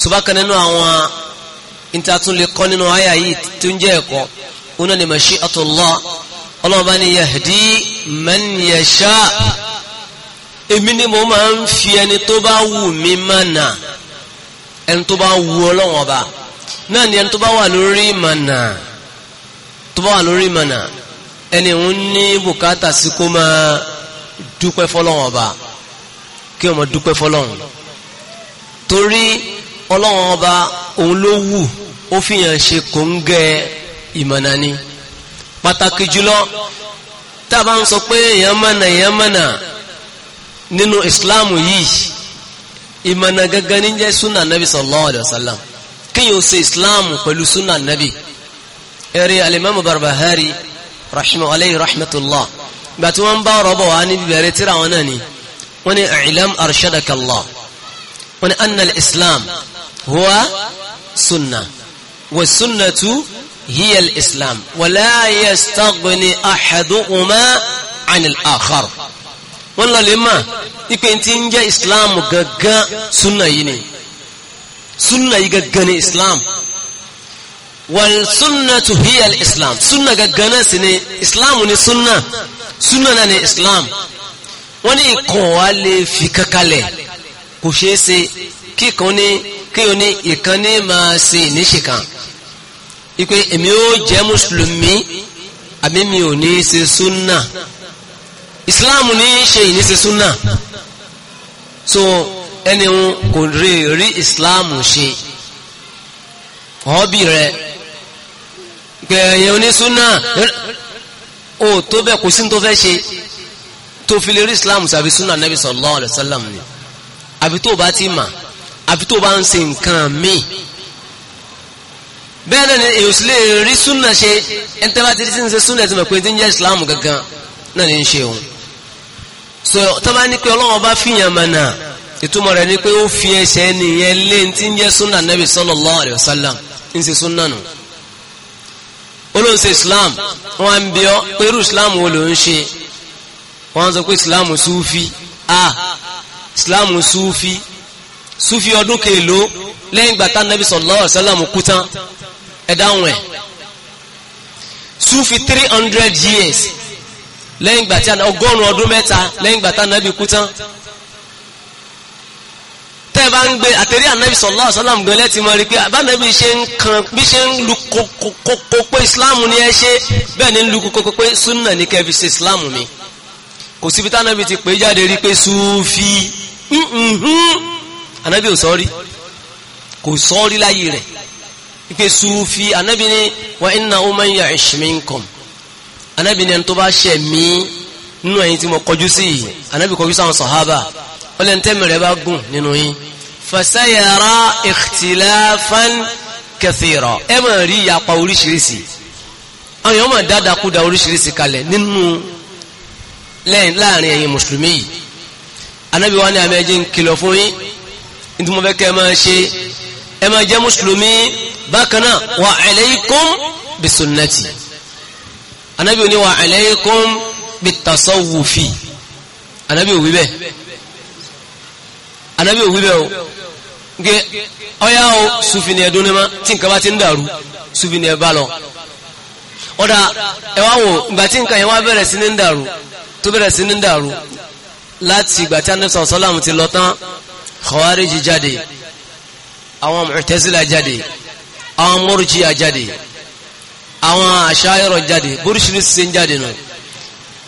so bákan nínú àwọn ìtàtún lè kọ́ nínú àyà yìí tó ń jẹ́ ẹ̀kọ́ òun náà ni mashi'atullah ọlọ́run bá ní yahdi man yasha èmi ni mo máa ń fi ẹni tó bá wù mí mọ̀nà ẹni tó bá wù ọlọ́run ọba náà ni ẹni tó bá wà lórí mọ̀nà tó bá wà lórí mọ̀nà ẹni ń ní bùkátà sí kó máa dúpẹ́ fọlọ́run ọba kí ọmọ dúpẹ́ fọlọ́run torí ọlọ́run ọba òun ló wù ó fi hàn ṣe kòńgẹ́ ìmọ̀nà ni pàtàkì jùlọ tá a bá ń sọ pé èèyàn mọ̀nà èèyàn mọ̀nà nínú islam yìí ìmọ̀nà gangan ní jẹ́ sunna nabi sallallahu alayhi wa sallam kíyàn ṣe islam pẹ̀lú sunna nabi eré alimami barbahari rahimahu alayhi rahmatullah gbà tí wọ́n bá rọ́bọ̀ wá níbi bẹ̀rẹ̀ tíra wọn náà ni wọ́n ni i'lam arshadakallah wọ́n ni anna islam huwa sunna wa sunnatu هي الإسلام ولا يستغني أحدهما عن الآخر والله لما يكون تنجا إسلام غغا سنة يني سنة يغغني إسلام والسنة هي الإسلام سنة غغنا سني إسلام ني سنة سنة ني إسلام وني كوالي في ككالي كوشيسي كي كوني كيوني يوني يكني ما سي نشكان ipe èmi ó jẹ́ mùsùlùmí àbí mi ò ní ṣe súnà islam ní ṣe ìní ṣe súnà so ẹni kò rí rí islam ṣe ọ̀ọ́bì rẹ̀ pé ẹ̀yẹ onísúnà ó tó bẹ́ẹ̀ kò sí tó fẹ́ ṣe tó fi lè rí islam sàbí súnà nabi sallallahu alaihi ni àbí tó bá ti mà àbí tó bá ń ṣe nǹkan míì bẹ́ẹ̀ ni èyí sì lè rí súnà ṣe ẹni tẹ́ bá ti rí sí ń ṣe súnà ti pé ti ń jẹ́ ìsìláàmù gangan náà ní í ṣe òun so tó bá ní pé ọlọ́wọ́n bá fìyàn mọ̀nà ìtumọ̀ rẹ̀ ni pé ó fi ẹsẹ̀ nìyẹn lé ti ń jẹ́ súnà nàbì sallallahu alaihi wasallam ń ṣe súnà nù olóhùn ṣe islam wọn á ń bí pé irú islam wo ló ń ṣe wọn á sọ pé islam Sufi ah islam súfì súfì ọdún kèèló lẹ́yìn gbàtà nàbì sallallahu alaihi wasallam kú tán ẹ̀dáhùn ẹ̀ sufi three hundred years lẹ́yìn ìgbà tí ọgọ́rùn-ún ọdún mẹ́ta lẹ́yìn ìgbà tí anabi kú tán tẹ́ bá ń gbé àtẹ̀rí ànábì sallallahu alaihi wasallam gbẹ̀lẹ́ ti mọ̀ rí pé àbánábì ṣe ń kan bí ṣe ń lu kókó pé ìsìláàmù ni ẹ ṣe bẹ́ẹ̀ ni ń lu kókó pé súnà ní kẹ́ fi ṣe ìsìláàmù ni kò síbi tánábì ti pè jáde rí pé súfì ànábì ò sọ rí kò sọ rí láyé rẹ̀ ipe sufi anabi ni wa inna man ya'ish minkum anabi ni ẹni tó bá ṣẹ̀ mí nínú ẹ̀yin tí mo kọjú sí yìí anabi kọjú sáwọn sọ̀hábà wọ́n lẹ́nu tẹ́mi rẹ̀ bá gùn nínú yín fasayara ikhtilafan kathira ẹ mọ̀ rí ìyapa oríṣiríṣi àwọn èèyàn mọ̀ dáadáa oríṣiríṣi kalẹ̀ nínú láàrin ẹ̀yin mùsùlùmí yìí anabi wa ni àmì ń kìlọ̀ fún yín nítorí mo fẹ́ kẹ́ ẹ máa ṣe ẹ máa jẹ́ mùsùlùmí bákan náà wa alaykum bi sunnati anabi ò ní wa alaykum bi tasawufi anabi ò wí bẹ́ẹ̀ anabi ò wí bẹ́ẹ̀ o nge ọya o sufini ẹ̀dún ní ma tí nǹkan bá ti ń dàrú sufini ẹ̀ bá lọ ọ̀dà ẹ̀wá wo ìgbà tí nǹkan yẹn wá bẹ̀rẹ̀ sí ní ń dàrú tó bẹ̀rẹ̀ sí ní ń dàrú láti ìgbà tí anẹ́sọ̀ sọ́lámù ti lọ tán khawariji jáde àwọn Mu'tazila jáde àwọn Murji'a jáde àwọn Asha'ira jáde bóríṣiríṣi ń jáde nù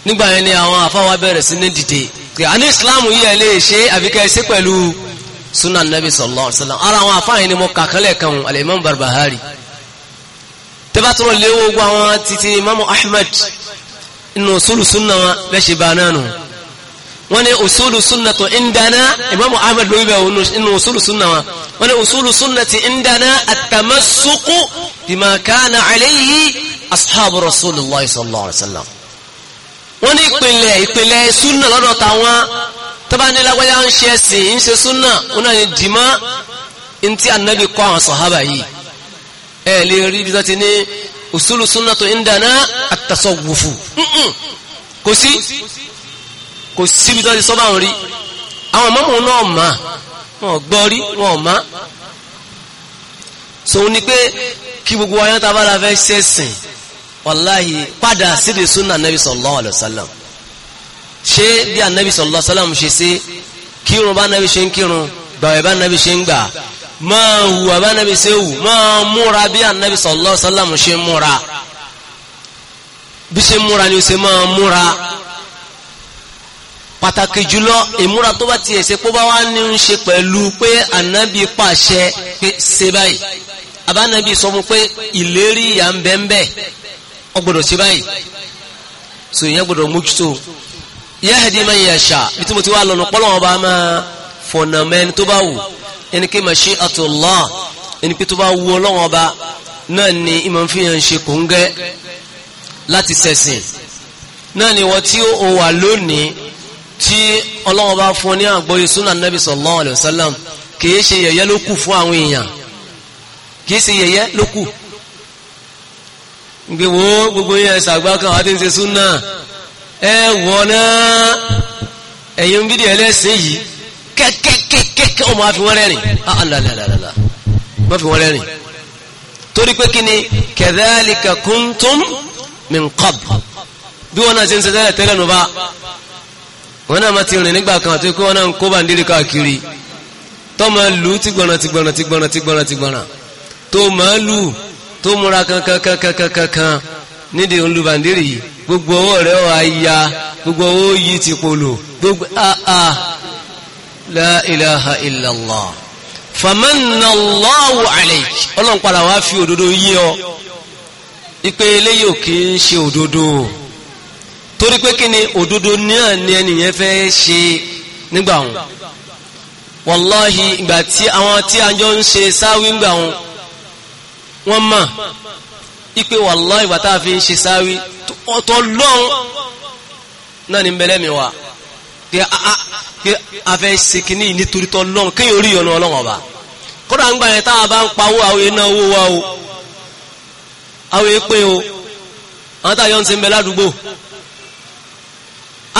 nígbà yẹn ni àwọn afáwa bẹ̀rẹ̀ sí ní dìde pé a ní ìsìláàmù yìí ẹ̀ lè ṣe àbíkẹ́ ẹ sí pẹ̀lú sunna nabi sallallahu alaihi wasallam ara àwọn afáà yẹn ni mo kà kan al Barbahari tẹ́bá tó léwu àwọn titi Imam Ahmad inú sunna wọn bẹ́ẹ̀ ṣe bá náà nù wọ́n ní usulu sunnati indana imamu ahmed ló wíbẹ̀ inú usulu sunna wa wọ́n ní usulu sunnati indana at-tamassuku bima kana alayhi ashabu rasulillah sallallahu alaihi wasallam wọ́n ní ìpìlẹ̀ ìpìlẹ̀ sunna lọ́dọ̀ táwọn tábánilagwáyà ń ṣe ẹ̀sìn ń ṣe sunna wọ́n náà ní dìímọ́ ń tí anabi kọ́ àwọn sọ̀hábà yìí ẹ̀ lè rí bí wọ́n ti usulu sunnati indana at-tasawwufu kò kò síbi tó ti sọ báwọn rí àwọn mọ́mù náà mà wọn gbọ́ rí wọn mà sòun ni pé kí gbogbo ayọ́ tá a fẹ́ ṣẹ̀sìn wàláhì padà síde súnà nàbì sallallahu alaihi wasallam ṣé bí ànàbì sallallahu alaihi wasallam ṣe ṣe kírun bá nàbì ṣe ń kírun gbàwẹ̀ bá nàbì ṣe ń gbà máa hùwà bá nàbì ṣe hù máa múra bí ànàbì sallallahu alaihi wasallam ṣe múra bí ṣe múra ni ó ṣe máa múra pàtàkì jùlọ ìmúra tó bá tiẹ̀ ṣe pé bá wá ní ń ṣe pẹ̀lú pé ànábì pàṣẹ pé ṣe báyìí àbánábì sọ fún pé ìlérí ìyà ń bẹ́ ń bẹ́ ọ gbọ́dọ̀ ṣe báyìí so ìyẹn gbọ́dọ̀ mójútó yahdi man yasha bí tí mo ti wá lọ́nà pọ́lọ́ wọn bá máa fọ̀nà mẹ́ni tó bá wù ẹni pé mashi'atullah ẹni pé tó bá wù ọlọ́wọ́n ọba náà ni ìmọ̀ fi hàn ṣe kò láti ṣẹ̀sìn náà ni wọ́n tí ó wà lónìí tí ọlọ́wọ́n bá fún ní àgbọ́yé súnà nẹ́bí sallallahu alaihi wasallam kìí ṣe yẹ̀yẹ́ ló kù fún àwọn èèyàn kìí ṣe yẹ̀yẹ́ ló kù gbé wo gbogbo yẹn ṣàgbá kan wá tí ń ṣe súnà ẹ wọ náà ẹ̀yin bídìí ẹlẹ́sìn yìí kẹ́kẹ́kẹ́kẹ́ ọmọ àfi wọ́n rẹ́rìn alàlàlàlà wọ́n fi wọ́n rẹ́rìn ah, ah, torí pé kí ni kadhalika kuntum min bí wọ́n náà ṣe ń ṣe tẹ́lẹ̀ tẹ́lẹ̀ nù wọn náà ma ti rìn nígbà kan àti pé wọn náà ń kó bàndírí káàkiri tó máa lù ti gbọ̀nà ti gbọ̀nà ti gbọ̀nà ti gbọ̀nà ti gbọ̀nà tó máa lù tó múra kankankankankan nídìí ń lu bàndírí yìí gbogbo owó rẹ̀ wà ya gbogbo owó yìí ti polo gbogbo aa ah, ah, la ilaha illallah famanna Allahu alayk ọlọ́run padà fi òdodo yí ọ ipe eléyìí kì í ṣe òdodo torí pé kí ni òdodo náà ni ẹnìyẹn fẹ́ ṣe nígbà wọn wàláhì ìgbà tí àwọn tí a jọ ń ṣe sáwí ńgbà wọn wọ́n mọ̀ ipe wàláhì ìgbà tá a fi ń ṣe sáwí ọ̀tọ̀ lọ́hùn náà ní bẹ́lẹ́ mi wà kí a fẹ́ ṣe kìíní nítorí tọ́ lọ́hùn kéèyàn orí ìyọnu ọlọ́wọ́n ọba kódà ń gbà yẹn táwa bá ń pawó àwọn iná owó wa o àwọn èèpẹ̀ o àwọn táyọ̀ ń ṣe ń bẹ ládùúgbò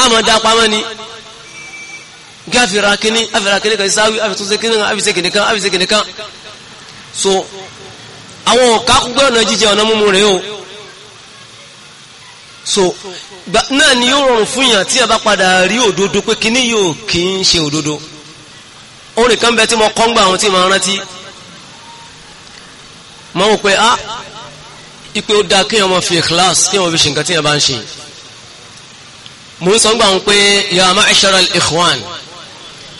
àmọ́ dá ni kí àfihàn kínní àfihàn kínní kan sáwí àfihàn kínní kan àfihàn kínní kan àfihàn kínní kan so àwọn ọ̀ká gbé ọ̀nà jíjẹ ọ̀nà múmu rẹ̀ o so náà ni yóò rọrùn fún yàn tí a bá padà rí òdodo pé kínní yóò kì í ṣe òdodo òun nìkan bẹ tí mo kọ́ ń gbà àwọn tí mo rántí mo rò pé ah ipe ó dáa kí wọn fi ikhlas kí wọn fi ṣe nǹkan tí wọn bá ń ṣe mo ń sọ ń gbà wọn pé ya ma'ashara al-ikhwan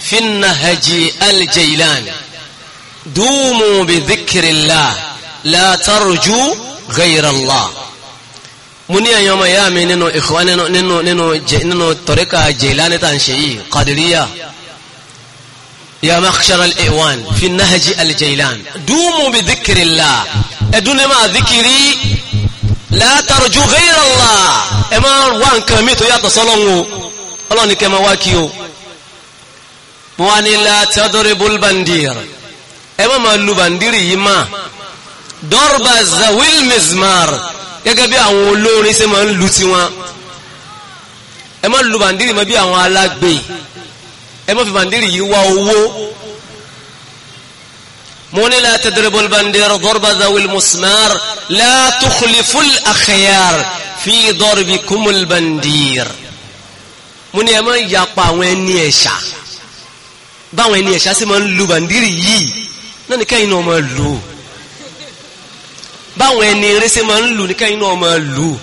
fi nahaji al-jailan dumu bi dhikrillah la tarju ghayra Allah mo ní ẹ̀yàn ọmọ ìyá mi nínú ikhwan nínú nínú nínú nínú tọ̀ríkà jailani tá à ń ya ma'ashara ikhwan fi nahaji al dumu bi dhikrillah ẹ̀dún ní máa dhikiri la tarju ghayra Allah ẹ máa wá nǹkan mi tó yàtọ̀ sọ́lọ́run o ọlọ́run ní kẹ́ máa wá kí o mo wá ní la tadribul bandir ẹ má máa lu bandiri yìí máa dọ́rọ̀bà zawil mizmar gẹ́gẹ́ bí àwọn olórin ṣe máa ń lu tiwọn ẹ má lu bandiri bí àwọn alágbe ẹ má fi bandiri yìí wá owó مول لا تضرب البندير ضرب ذوي المسمار لا تخلف الأخيار في ضربكم البندير من يما يقبع ويني يشع با ويني يشع سيمان لو بندير يي نان كاي نوما لو با ويني رسيمان لو نكاي نوما لو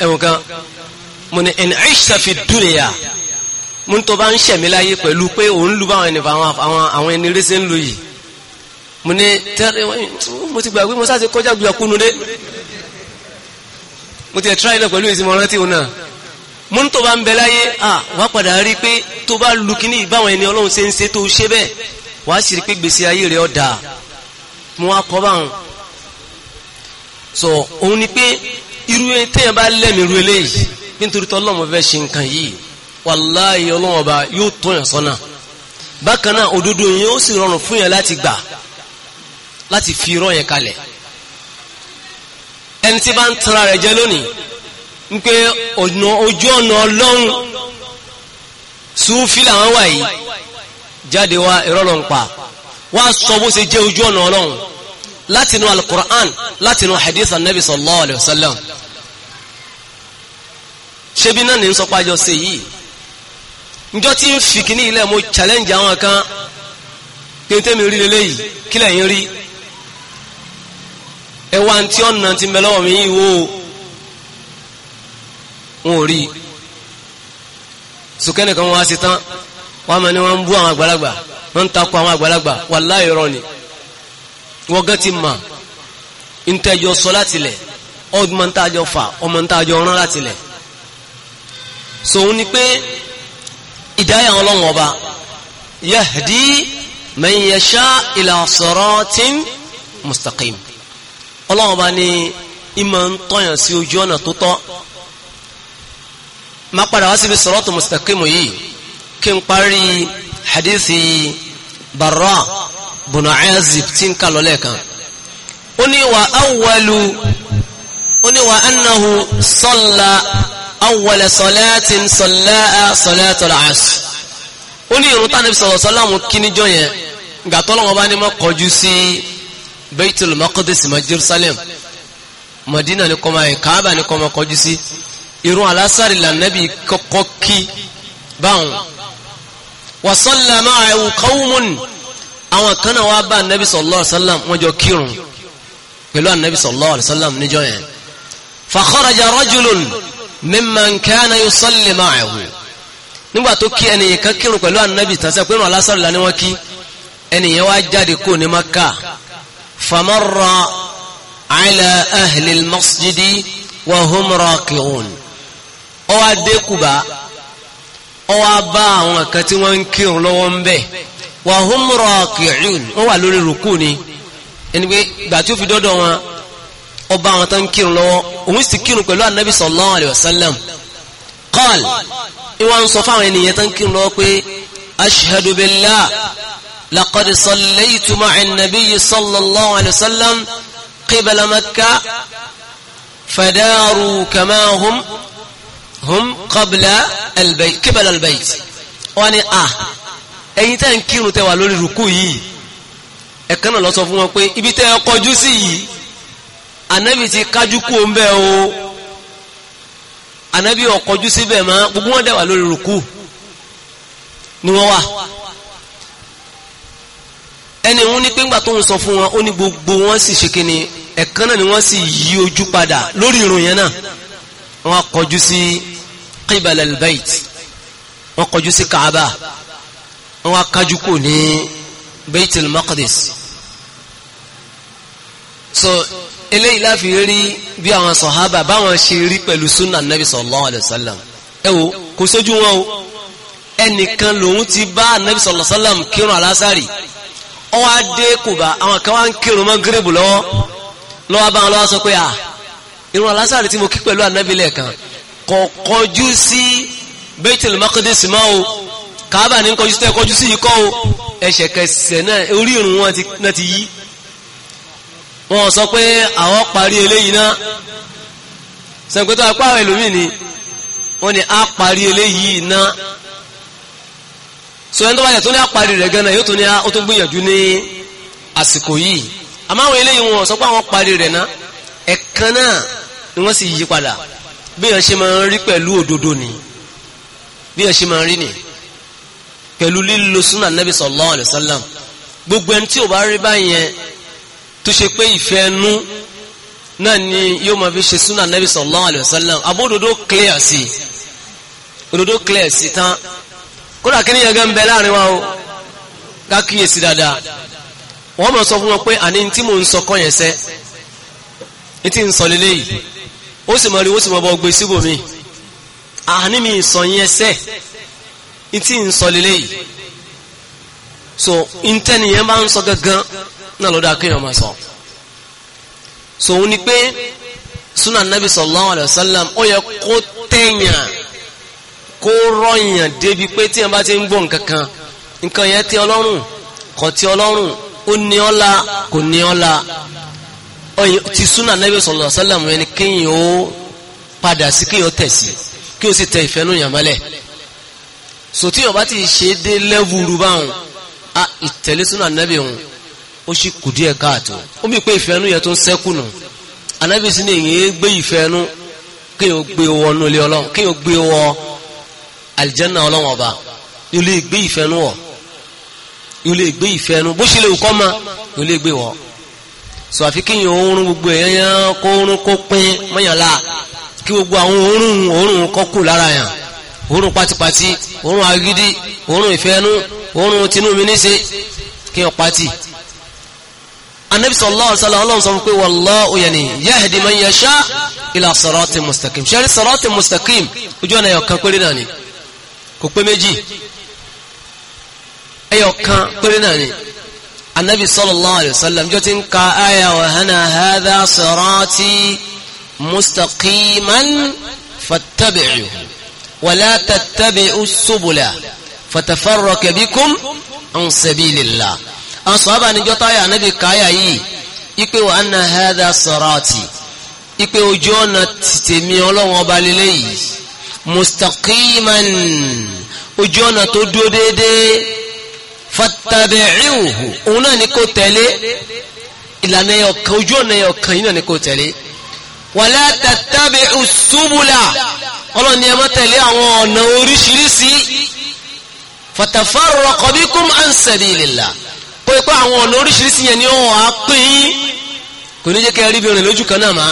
ايوكا من ان عشت في الدنيا mú tó bá ń ṣẹ̀mí láyé pẹ̀lú pé òun lu báwọn ẹni àwọn ẹni rí sí ń lu yìí mo ní tẹ́lẹ̀ mo ti gbàgbé mo sáà ti kọjá gbìyà kúnú dé mo ti ẹ̀ tíráyìí lọ pẹ̀lú ìsinmi ọ̀rántí òun náà mo ní tó bá ń bẹ láyé à wá padà rí pé tó bá lu kíní ìbáwọn ẹni ọlọ́run ṣe ń ṣe tó ṣe bẹ́ẹ̀ wá sì rí pé gbèsè ayé rẹ̀ ọ̀dà mo wá kọ́ báwọn sọ òun ni pé irú ẹ̀ tẹ́yàn bá lẹ́mìí irú eléyìí nítorí tọ́lọ́mọ fẹ́ ṣe nǹkan yìí wàláyé ọlọ́wọ́n ọba yóò tó yàn sọ́nà bákan náà òdodo yẹn ó sì rọrùn fún yàn láti gbà láti fi irọ́ yẹn kalẹ̀ ẹni tí bá ń tara rẹ̀ jẹ lónìí ń pé ojú ọ̀nà ọlọ́run sùúfì làwọn wà yìí jáde wá irọ́ ló ń pa wá sọ bó ṣe jẹ́ ojú ọ̀nà ọlọ́run látinú alukur'an látinú hadith anabi sallallahu alayhi wa sallam ṣé náà ní sọpájọ sí yìí njọ́ tí ń fi kìíní ilẹ̀ mo challenge àwọn kan pé tẹ́mi rí lélẹ́yìí kí lẹ́yìn rí ẹwà tí ọ̀nà ti mẹ lọ́wọ́ mi yìí wò wọn ò rí sùkẹ́ nìkan wọn á ṣe tán wọn á mọ ni wọn bú àwọn àgbàlagbà wọn ń takò àwọn àgbàlagbà wallahi irọ́ ni wọ́n gán ti mà ń sọ láti lẹ̀ ọdún máa ń fà ọmọ ń rán láti lẹ̀ sòun ni pé ìdáyà ọlọ́run ọba yahdi man yasha ila siratin mustaqim ọlọ́run ọba ni ìmọ̀ ń tọ́yàn sí ojú ọ̀nà tó tọ́ ma padà wá síbi siratul mustaqim yìí kí n parí hadithi barra bùnà azib tí ń kà lọ́lẹ̀ kan ó ní wa awwalu ó ní wa annahu salla awwala salatin sallaa salatul asr ó ní ìrun tánàbí sọ̀rọ̀ sọ́lámù kíníjọ́ yẹn ìgbà tọ́lọ́wọ́ bá ní mọ́ kọjú sí baitul maqdis ma jerusalem madina ní kọ́mọ ayé kaaba ní kọ́mọ kọjú sí ìrun alásàrì lànàbí kọ́kọ́ kí báwọn wa salla ma'ahu qawmun àwọn kan náà bá anabi sallallahu alaihi wasallam jọ kírun pẹ̀lú anabi sallallahu alaihi wasallam yẹn fa kharaja rajulun mimman kana yusalli ma'ahu nígbà tó kí ẹnìyàn kan kírun pẹ̀lú ànábì tàṣẹ pé ìrun alásọ̀rọ̀lá ni wọ́n kí ẹnìyàn wá jáde kó ní maka famarra ala ahli almasjidi wa hum raqi'un ó wá dé Kùbá ó wá bá àwọn kan tí wọ́n ń kírun lọ́wọ́ ń bẹ̀ wa hum raqi'un wọ́n wà lórí rùkú ni ẹni pé gbà tí ó fi dọ́dọ̀ wọn ọba àwọn tó ń kírun lọ́wọ́ òun sì kírun pẹ̀lú anabi sallallahu alayhi wa sallam qal ìwà ń sọ fáwọn ènìyàn tó ń kírun lọ́wọ́ pé ashhadu billah laqad sallaytu ma'a an-nabi sallallahu alayhi wa sallam qibla makka kama hum hum qabla al-bayt wọ́n ni a ẹ̀yin tẹ́ ń kírun tẹ́ lórí rùkú yìí ẹ̀kan náà lọ fún wọn pé ibi tẹ́ kọjú sí yìí anabi ti kájú kú ń bẹ́ o anabi ọ̀kọjú síbẹ̀ máa gbogbo wọn dẹ̀wà lórí rùkú ni wọ́n wà ẹni wọn ní pé ńgbà tó ń sọ fún wọn ó ní gbogbo wọn sì ṣe kíni ẹ̀kan náà ni wọ́n sì yí ojú padà lórí ìrun yẹn náà wọ́n kọjú sí qibala albayt wọ́n kọjú sí kaaba wọ́n kájú kú ní baitul maqdis so eléyìí láfi rí bí àwọn sọ̀hábà báwọn ṣe rí pẹ̀lú súnà nàbì sallallahu alaihi wasallam ẹ wo kò sójú wọn o ẹnìkan lòun ti bá nàbì sallallahu alaihi wasallam kírun alásàrì ó wá dé Kùbà àwọn kan wá ń kírun mágríbù lọ́wọ́ lọ́wọ́ bá wọn lọ́wọ́ sọ pé à irun alásàrì tí mo kí pẹ̀lú ànábì lẹ́ẹ̀kan kò kọjú sí Baitul Maqdis mọ́ o Káàbà kọjú sí tẹ́ kọjú sí yìí kọ́ o ẹ̀ṣẹ̀kẹsẹ̀ wọn sọ pé àwọn parí eléyìí náà sẹ̀gbẹ́tọ́ apá àwọn ẹlòmíì ni wọ́n ni a parí eléyìí náà so ẹni tó bá yẹ tó ní àparí rẹ̀ gan náà yóò tó ní ó tó gbìyànjú ní àsìkò yìí àmọ́ àwọn eléyìí wọn sọ pé àwọn parí rẹ̀ náà ẹ̀kan náà ni wọ́n sì yí padà bí yẹn ṣe máa ń rí pẹ̀lú òdodo ni bí yẹn ṣe máa ń rí ni pẹ̀lú lílo sunnah nabi sallallahu alayhi wa sallam gbogbo ẹni tí ò bá rí báyẹn tó ṣe pé ìfẹ́ ẹnu náà ni yóò máa fi ṣe súnà nẹ́bí sallallahu alaihi wasallam abódodo clear sí òdodo clear sí tán kódà kí wa o ká kíyèsí dáadáa wọ́n máa sọ fún wọn pé àní tí mò ń sọ kọ́ yẹn sẹ́ ní ń sọ lélẹ́ yìí so ntẹ́niyẹn bá ń sọ gangan náà lọ́dọ̀ akéèyàn máa sọ so òun ni pé sunan nabi sallallahu alayhi wa sallam ó yẹ kó tẹ̀yàn kó rọ̀yàn débi pé tí yẹn bá ti ń gbọ́ nǹkan kan nǹkan yẹn ti ọlọ́run kò ti ọlọ́run ó ní ọ́la kò ní ọ́la ti sunan nabi sallallahu alayhi wa sallam yẹn ni kéèyàn ó padà sí kéèyàn tẹ̀ sí kí o sì tẹ ìfẹ́ nù mọ́lẹ̀ so tí yẹn bá ti ṣe dé lẹ́wùrú báwọn. a ìtẹ̀lé súnà ànábì òun ó sì kù díẹ̀ káàtó ó bí pé ìfẹ́nu yẹn tó ń sẹ́kù ànábì sí ni èyí gbé ìfẹ́nu kéèyàn gbé wọ nulẹ̀ ọlọ́run kéèyàn gbé wọ àlìjẹ́nà ọlọ́run ọba yóò lè gbé ìfẹ́nu wọ̀ yóò lè gbé bó ṣe lè kọ́ ma yóò lè gbé sọ àfi oorun gbogbo èèyàn kó oorun kó pín mọ́yànlá kí gbogbo àwọn oorun oorun kọ́ lára yàn òórùn pátípátí òórùn agídí òórùn ìfẹ́nu òórùn tinú mi níṣe kí wọ́n pátì anabi sallallahu alaihi wasallam ọlọ́run sọ fún pé wallahu yani yahdi man yasha ila sirati mustaqim ṣẹ́rí sirati mustaqim ojú ọ̀nà ẹ̀yọ̀kan péré náà ni kò pé méjì ẹ̀yọ̀kan péré náà ni anabi sallallahu alaihi wasallam jọ ti ka aya wa hana hadha sirati mustaqiman fattabi'uhu wala tattabi'u subula fatafarraqa bikum an sabilillah àwọn sọ́ọ́bà níjọ́ táyà níbi káyà yìí ipe wa anna hadha sirati ipe ojú ọ̀nà tìtèmi ọlọ́wọ́n ọba lélẹ́ yìí mustaqiman ojú ọ̀nà tó dúró déédéé fattabi'uhu òun náà ni kò tẹ̀lé ìlànà ẹ̀yọ̀kan ojú ọ̀nà ẹ̀yọ̀kan yìí náà ni kò tẹ̀lé wala tattabi'u subula ọlọ́ni ẹ má tẹ̀lé àwọn ọ̀nà oríṣiríṣi fatafarraqa bikum an sabilillah pé pé àwọn ọ̀nà oríṣiríṣi yẹn ni ó wà pín in kò ní jẹ́ kẹ́ rí bìnrin lójú kan náà má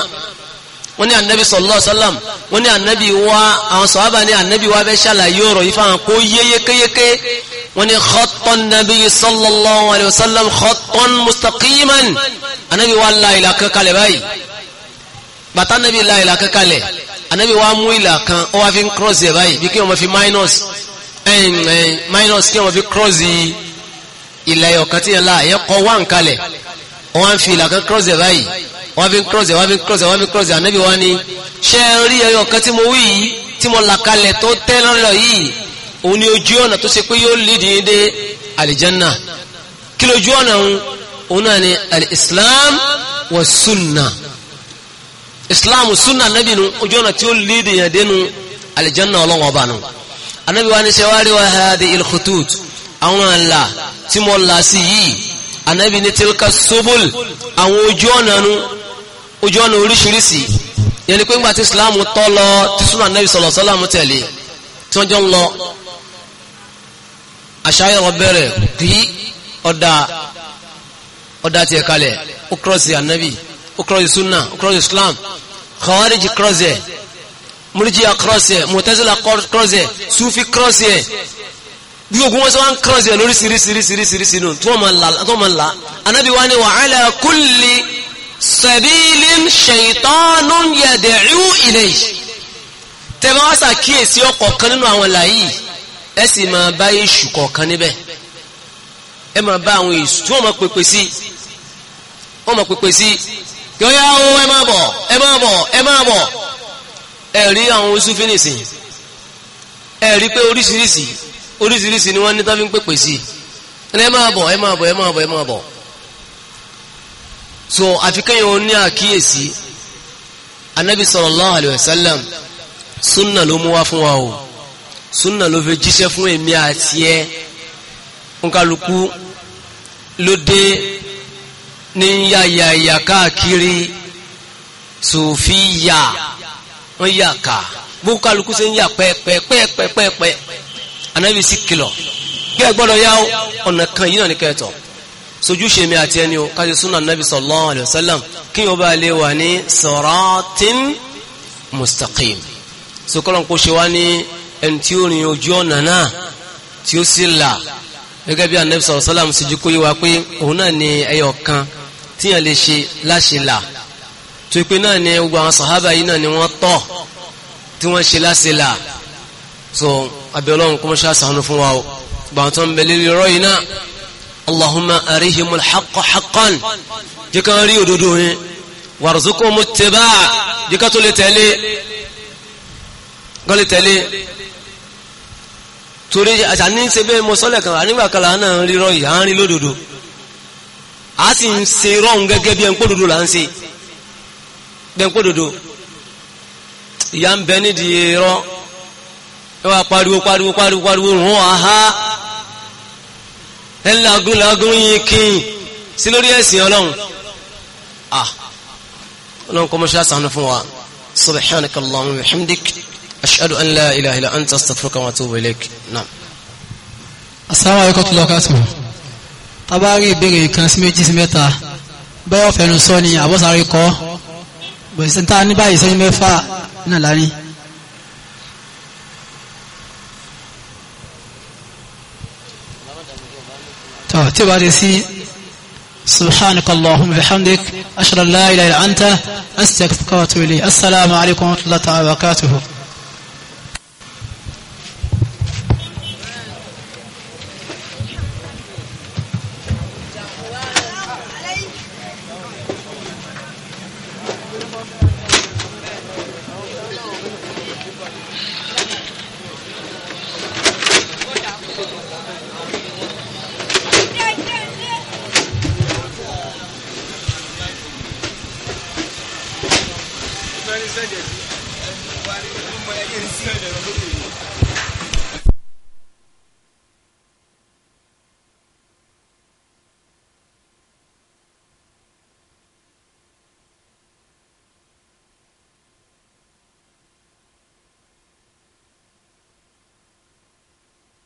wọ́n ní ànábì sallallahu alaihi wasallam wọ́n ní ànábì wá àwọn sọ̀hábà ní ànábì wá bẹ́ ṣàlàyé ọ̀rọ̀ yìí fáwọn kó yé yékéyéké wọ́n ní khattan nabi sallallahu alaihi wasallam khattan mustaqiman ànábì wá la kankalẹ̀ báyìí bàtà ànábì la kankalẹ̀ anabi wa mú ìlà kan ó wá fi ń cross ẹ̀ báyìí bí kí wọ́n fi minus ẹ̀yìn ẹ̀yìn minus kí wọ́n fi cross ìlà ọ̀kan tí yẹn la ẹ̀yẹ kọ́ wá nkalẹ̀ ó wá ń fi ìlà kan cross ẹ̀ báyìí ó wá fi ń cross ẹ̀ wá fi ń cross ẹ̀ wá fi ń cross ẹ̀ anabi wa ni ṣé ẹ rí ẹyọ kan tí mo wí yìí tí mo là kalẹ̀ tó tẹ́ lọ́rọ̀ yìí òun ni ojú ọ̀nà tó ṣe pé yóò lédi dé àlìjánná kí lójú ọ̀nà òun náà ni al-Islam wa sunnah islam sunna nabi nu ojú ọ̀nà tí ó lé dèèyàn dénú alìjánná ọlọ́wọ́ ọba nu anabi wa ni ṣe wá rí wa hadi ilkhutut àwọn àlà tí mo là sí yìí anabi ni tilka subul àwọn ojú ọ̀nà nu ojú ọ̀nà oríṣiríṣi yẹn ni pé ńgbà tí islam tọ́ lọ tí sunna nabi sọ̀rọ̀ sọ́làmù tẹ̀lé tí wọ́n jọ ń lọ àṣàyẹ̀wò bẹ̀rẹ̀ kí ọ̀dà ọ̀dà tiẹ̀ kalẹ̀ ó kírọ̀sì anabi ó kírọ́sì sunna ó kírọ́sì islam khawariji kírọ́sì ẹ̀ murjiya kírọ́sì ẹ̀ mutazila kírọ́sì ẹ̀ sufi kírọ́sì ẹ̀ bí ogun wọn sọ wọn kírọ́sì ẹ̀ lórí sirisirisirisirisi nù tí wọ́n ma la anabi wa ni wa ala kulli sabilin shaytanun yad'u ilayhi tẹ́lẹ̀ wá sàkíyèsí ọ̀kọ̀ọ̀kan nínú àwọn làyí ẹ sì máa bá èṣù kọ̀ọ̀kan níbẹ̀ ẹ máa bá àwọn èṣù tí wọ́n máa pèpè sí wọ́n máa pèpè sí yọ̀yà o ẹ máa bọ̀ ẹ máa bọ̀ ẹ máa bọ̀ ẹ rí àwọn oṣù fínìsì ẹ rí pé oríṣiríṣi oríṣiríṣi ni wọ́n ní tọ́fí ń pèpè sí ẹ máa bọ̀ ẹ máa bọ̀ ẹ máa bọ̀ ẹ máa bọ̀ so àfikẹ́yìn òun ní àkíyèsí anabi sallallahu alayhi wa sallam sunna ló mú wá fún wa o sunna ló fi jíṣẹ́ fún èmi àti ẹ nkálukú ló dé ní yàyàyà káàkiri sòfíyà wọ́n yà ká bó kálukú ṣe ń yà pẹ́ẹ́pẹ́ẹ́pẹ́ẹ́pẹ́ anábì sí kìlọ̀ kí ẹ gbọ́dọ̀ yá ọ̀nà kan yìí náà ní kẹtọ̀ sojú ṣe mi àti ẹni o káṣí súnà nàbì sallallahu alayhi wa sallam kí o bá lè wà ní siratin mustaqim sokọ́lọ́n kó ṣe wá ní ẹni tí ó rin ojú ọ̀nà náà tí ó sì là gẹ́gẹ́ bí anábì sallallahu alayhi wa kó yé wa pé òun náà ni ẹyọ kan tíyàn lè ṣe láṣìlá tó pé náà ni gbogbo àwọn sàhábà yìí náà ni wọ́n tọ́ tí wọ́n ṣe láṣìlá so abẹ́ọlọ́run kó mọ́ ṣe àṣàánú fún wa o gbàǹ tó ń bẹ lérí ọ̀rọ̀ yìí náà allahumma arihimul haqqa haqqan jẹ́ ká rí òdodo yẹn warzuqhum ittiba'a jẹ́ ká tó lè tẹ̀lé kán tẹ̀lé torí àṣà ní bẹ́ẹ̀ mọ́ sọ́lẹ̀ kan ànígbà kan là ń rírọ̀ yìí à ń rí lódodo a sì ń ṣe rọ́hùn gẹ́gẹ́ bí ẹnkó dodo là ń ṣe ẹnkó dodo ìyá ń bẹ nídìí rọ ẹ wá pariwo pariwo pariwo pariwo rún àhá ẹ lagun lagun yín kín sí lórí ẹ̀sìn ọlọ́run ah ọlọ́run kọ́ mọ́ṣáláṣí àánú fún wa subhanaka allahumma wa bihamdik ashhadu an la ilaha illa anta astaghfiruka wa atubu ilaik naam. asalaamualeykum wa rahmatulahi wa barakatuh. tabari ìbéèrè kan sí méjì sí mẹ́ta bẹ́ẹ̀ ọ̀fẹ́nu sọ ni àbọ̀sáré kọ́ bẹ̀sẹ̀ tá a ní báyìí sẹ́yìn mẹ́fà náà lárí. tọ́ tí o bá ti sí subhanaka allahumma bihamdik ashhadu an la ilaha illa anta astaghfiruka wa atubu ilayk assalamu alaykum wa rahmatullahi wa barakatuh.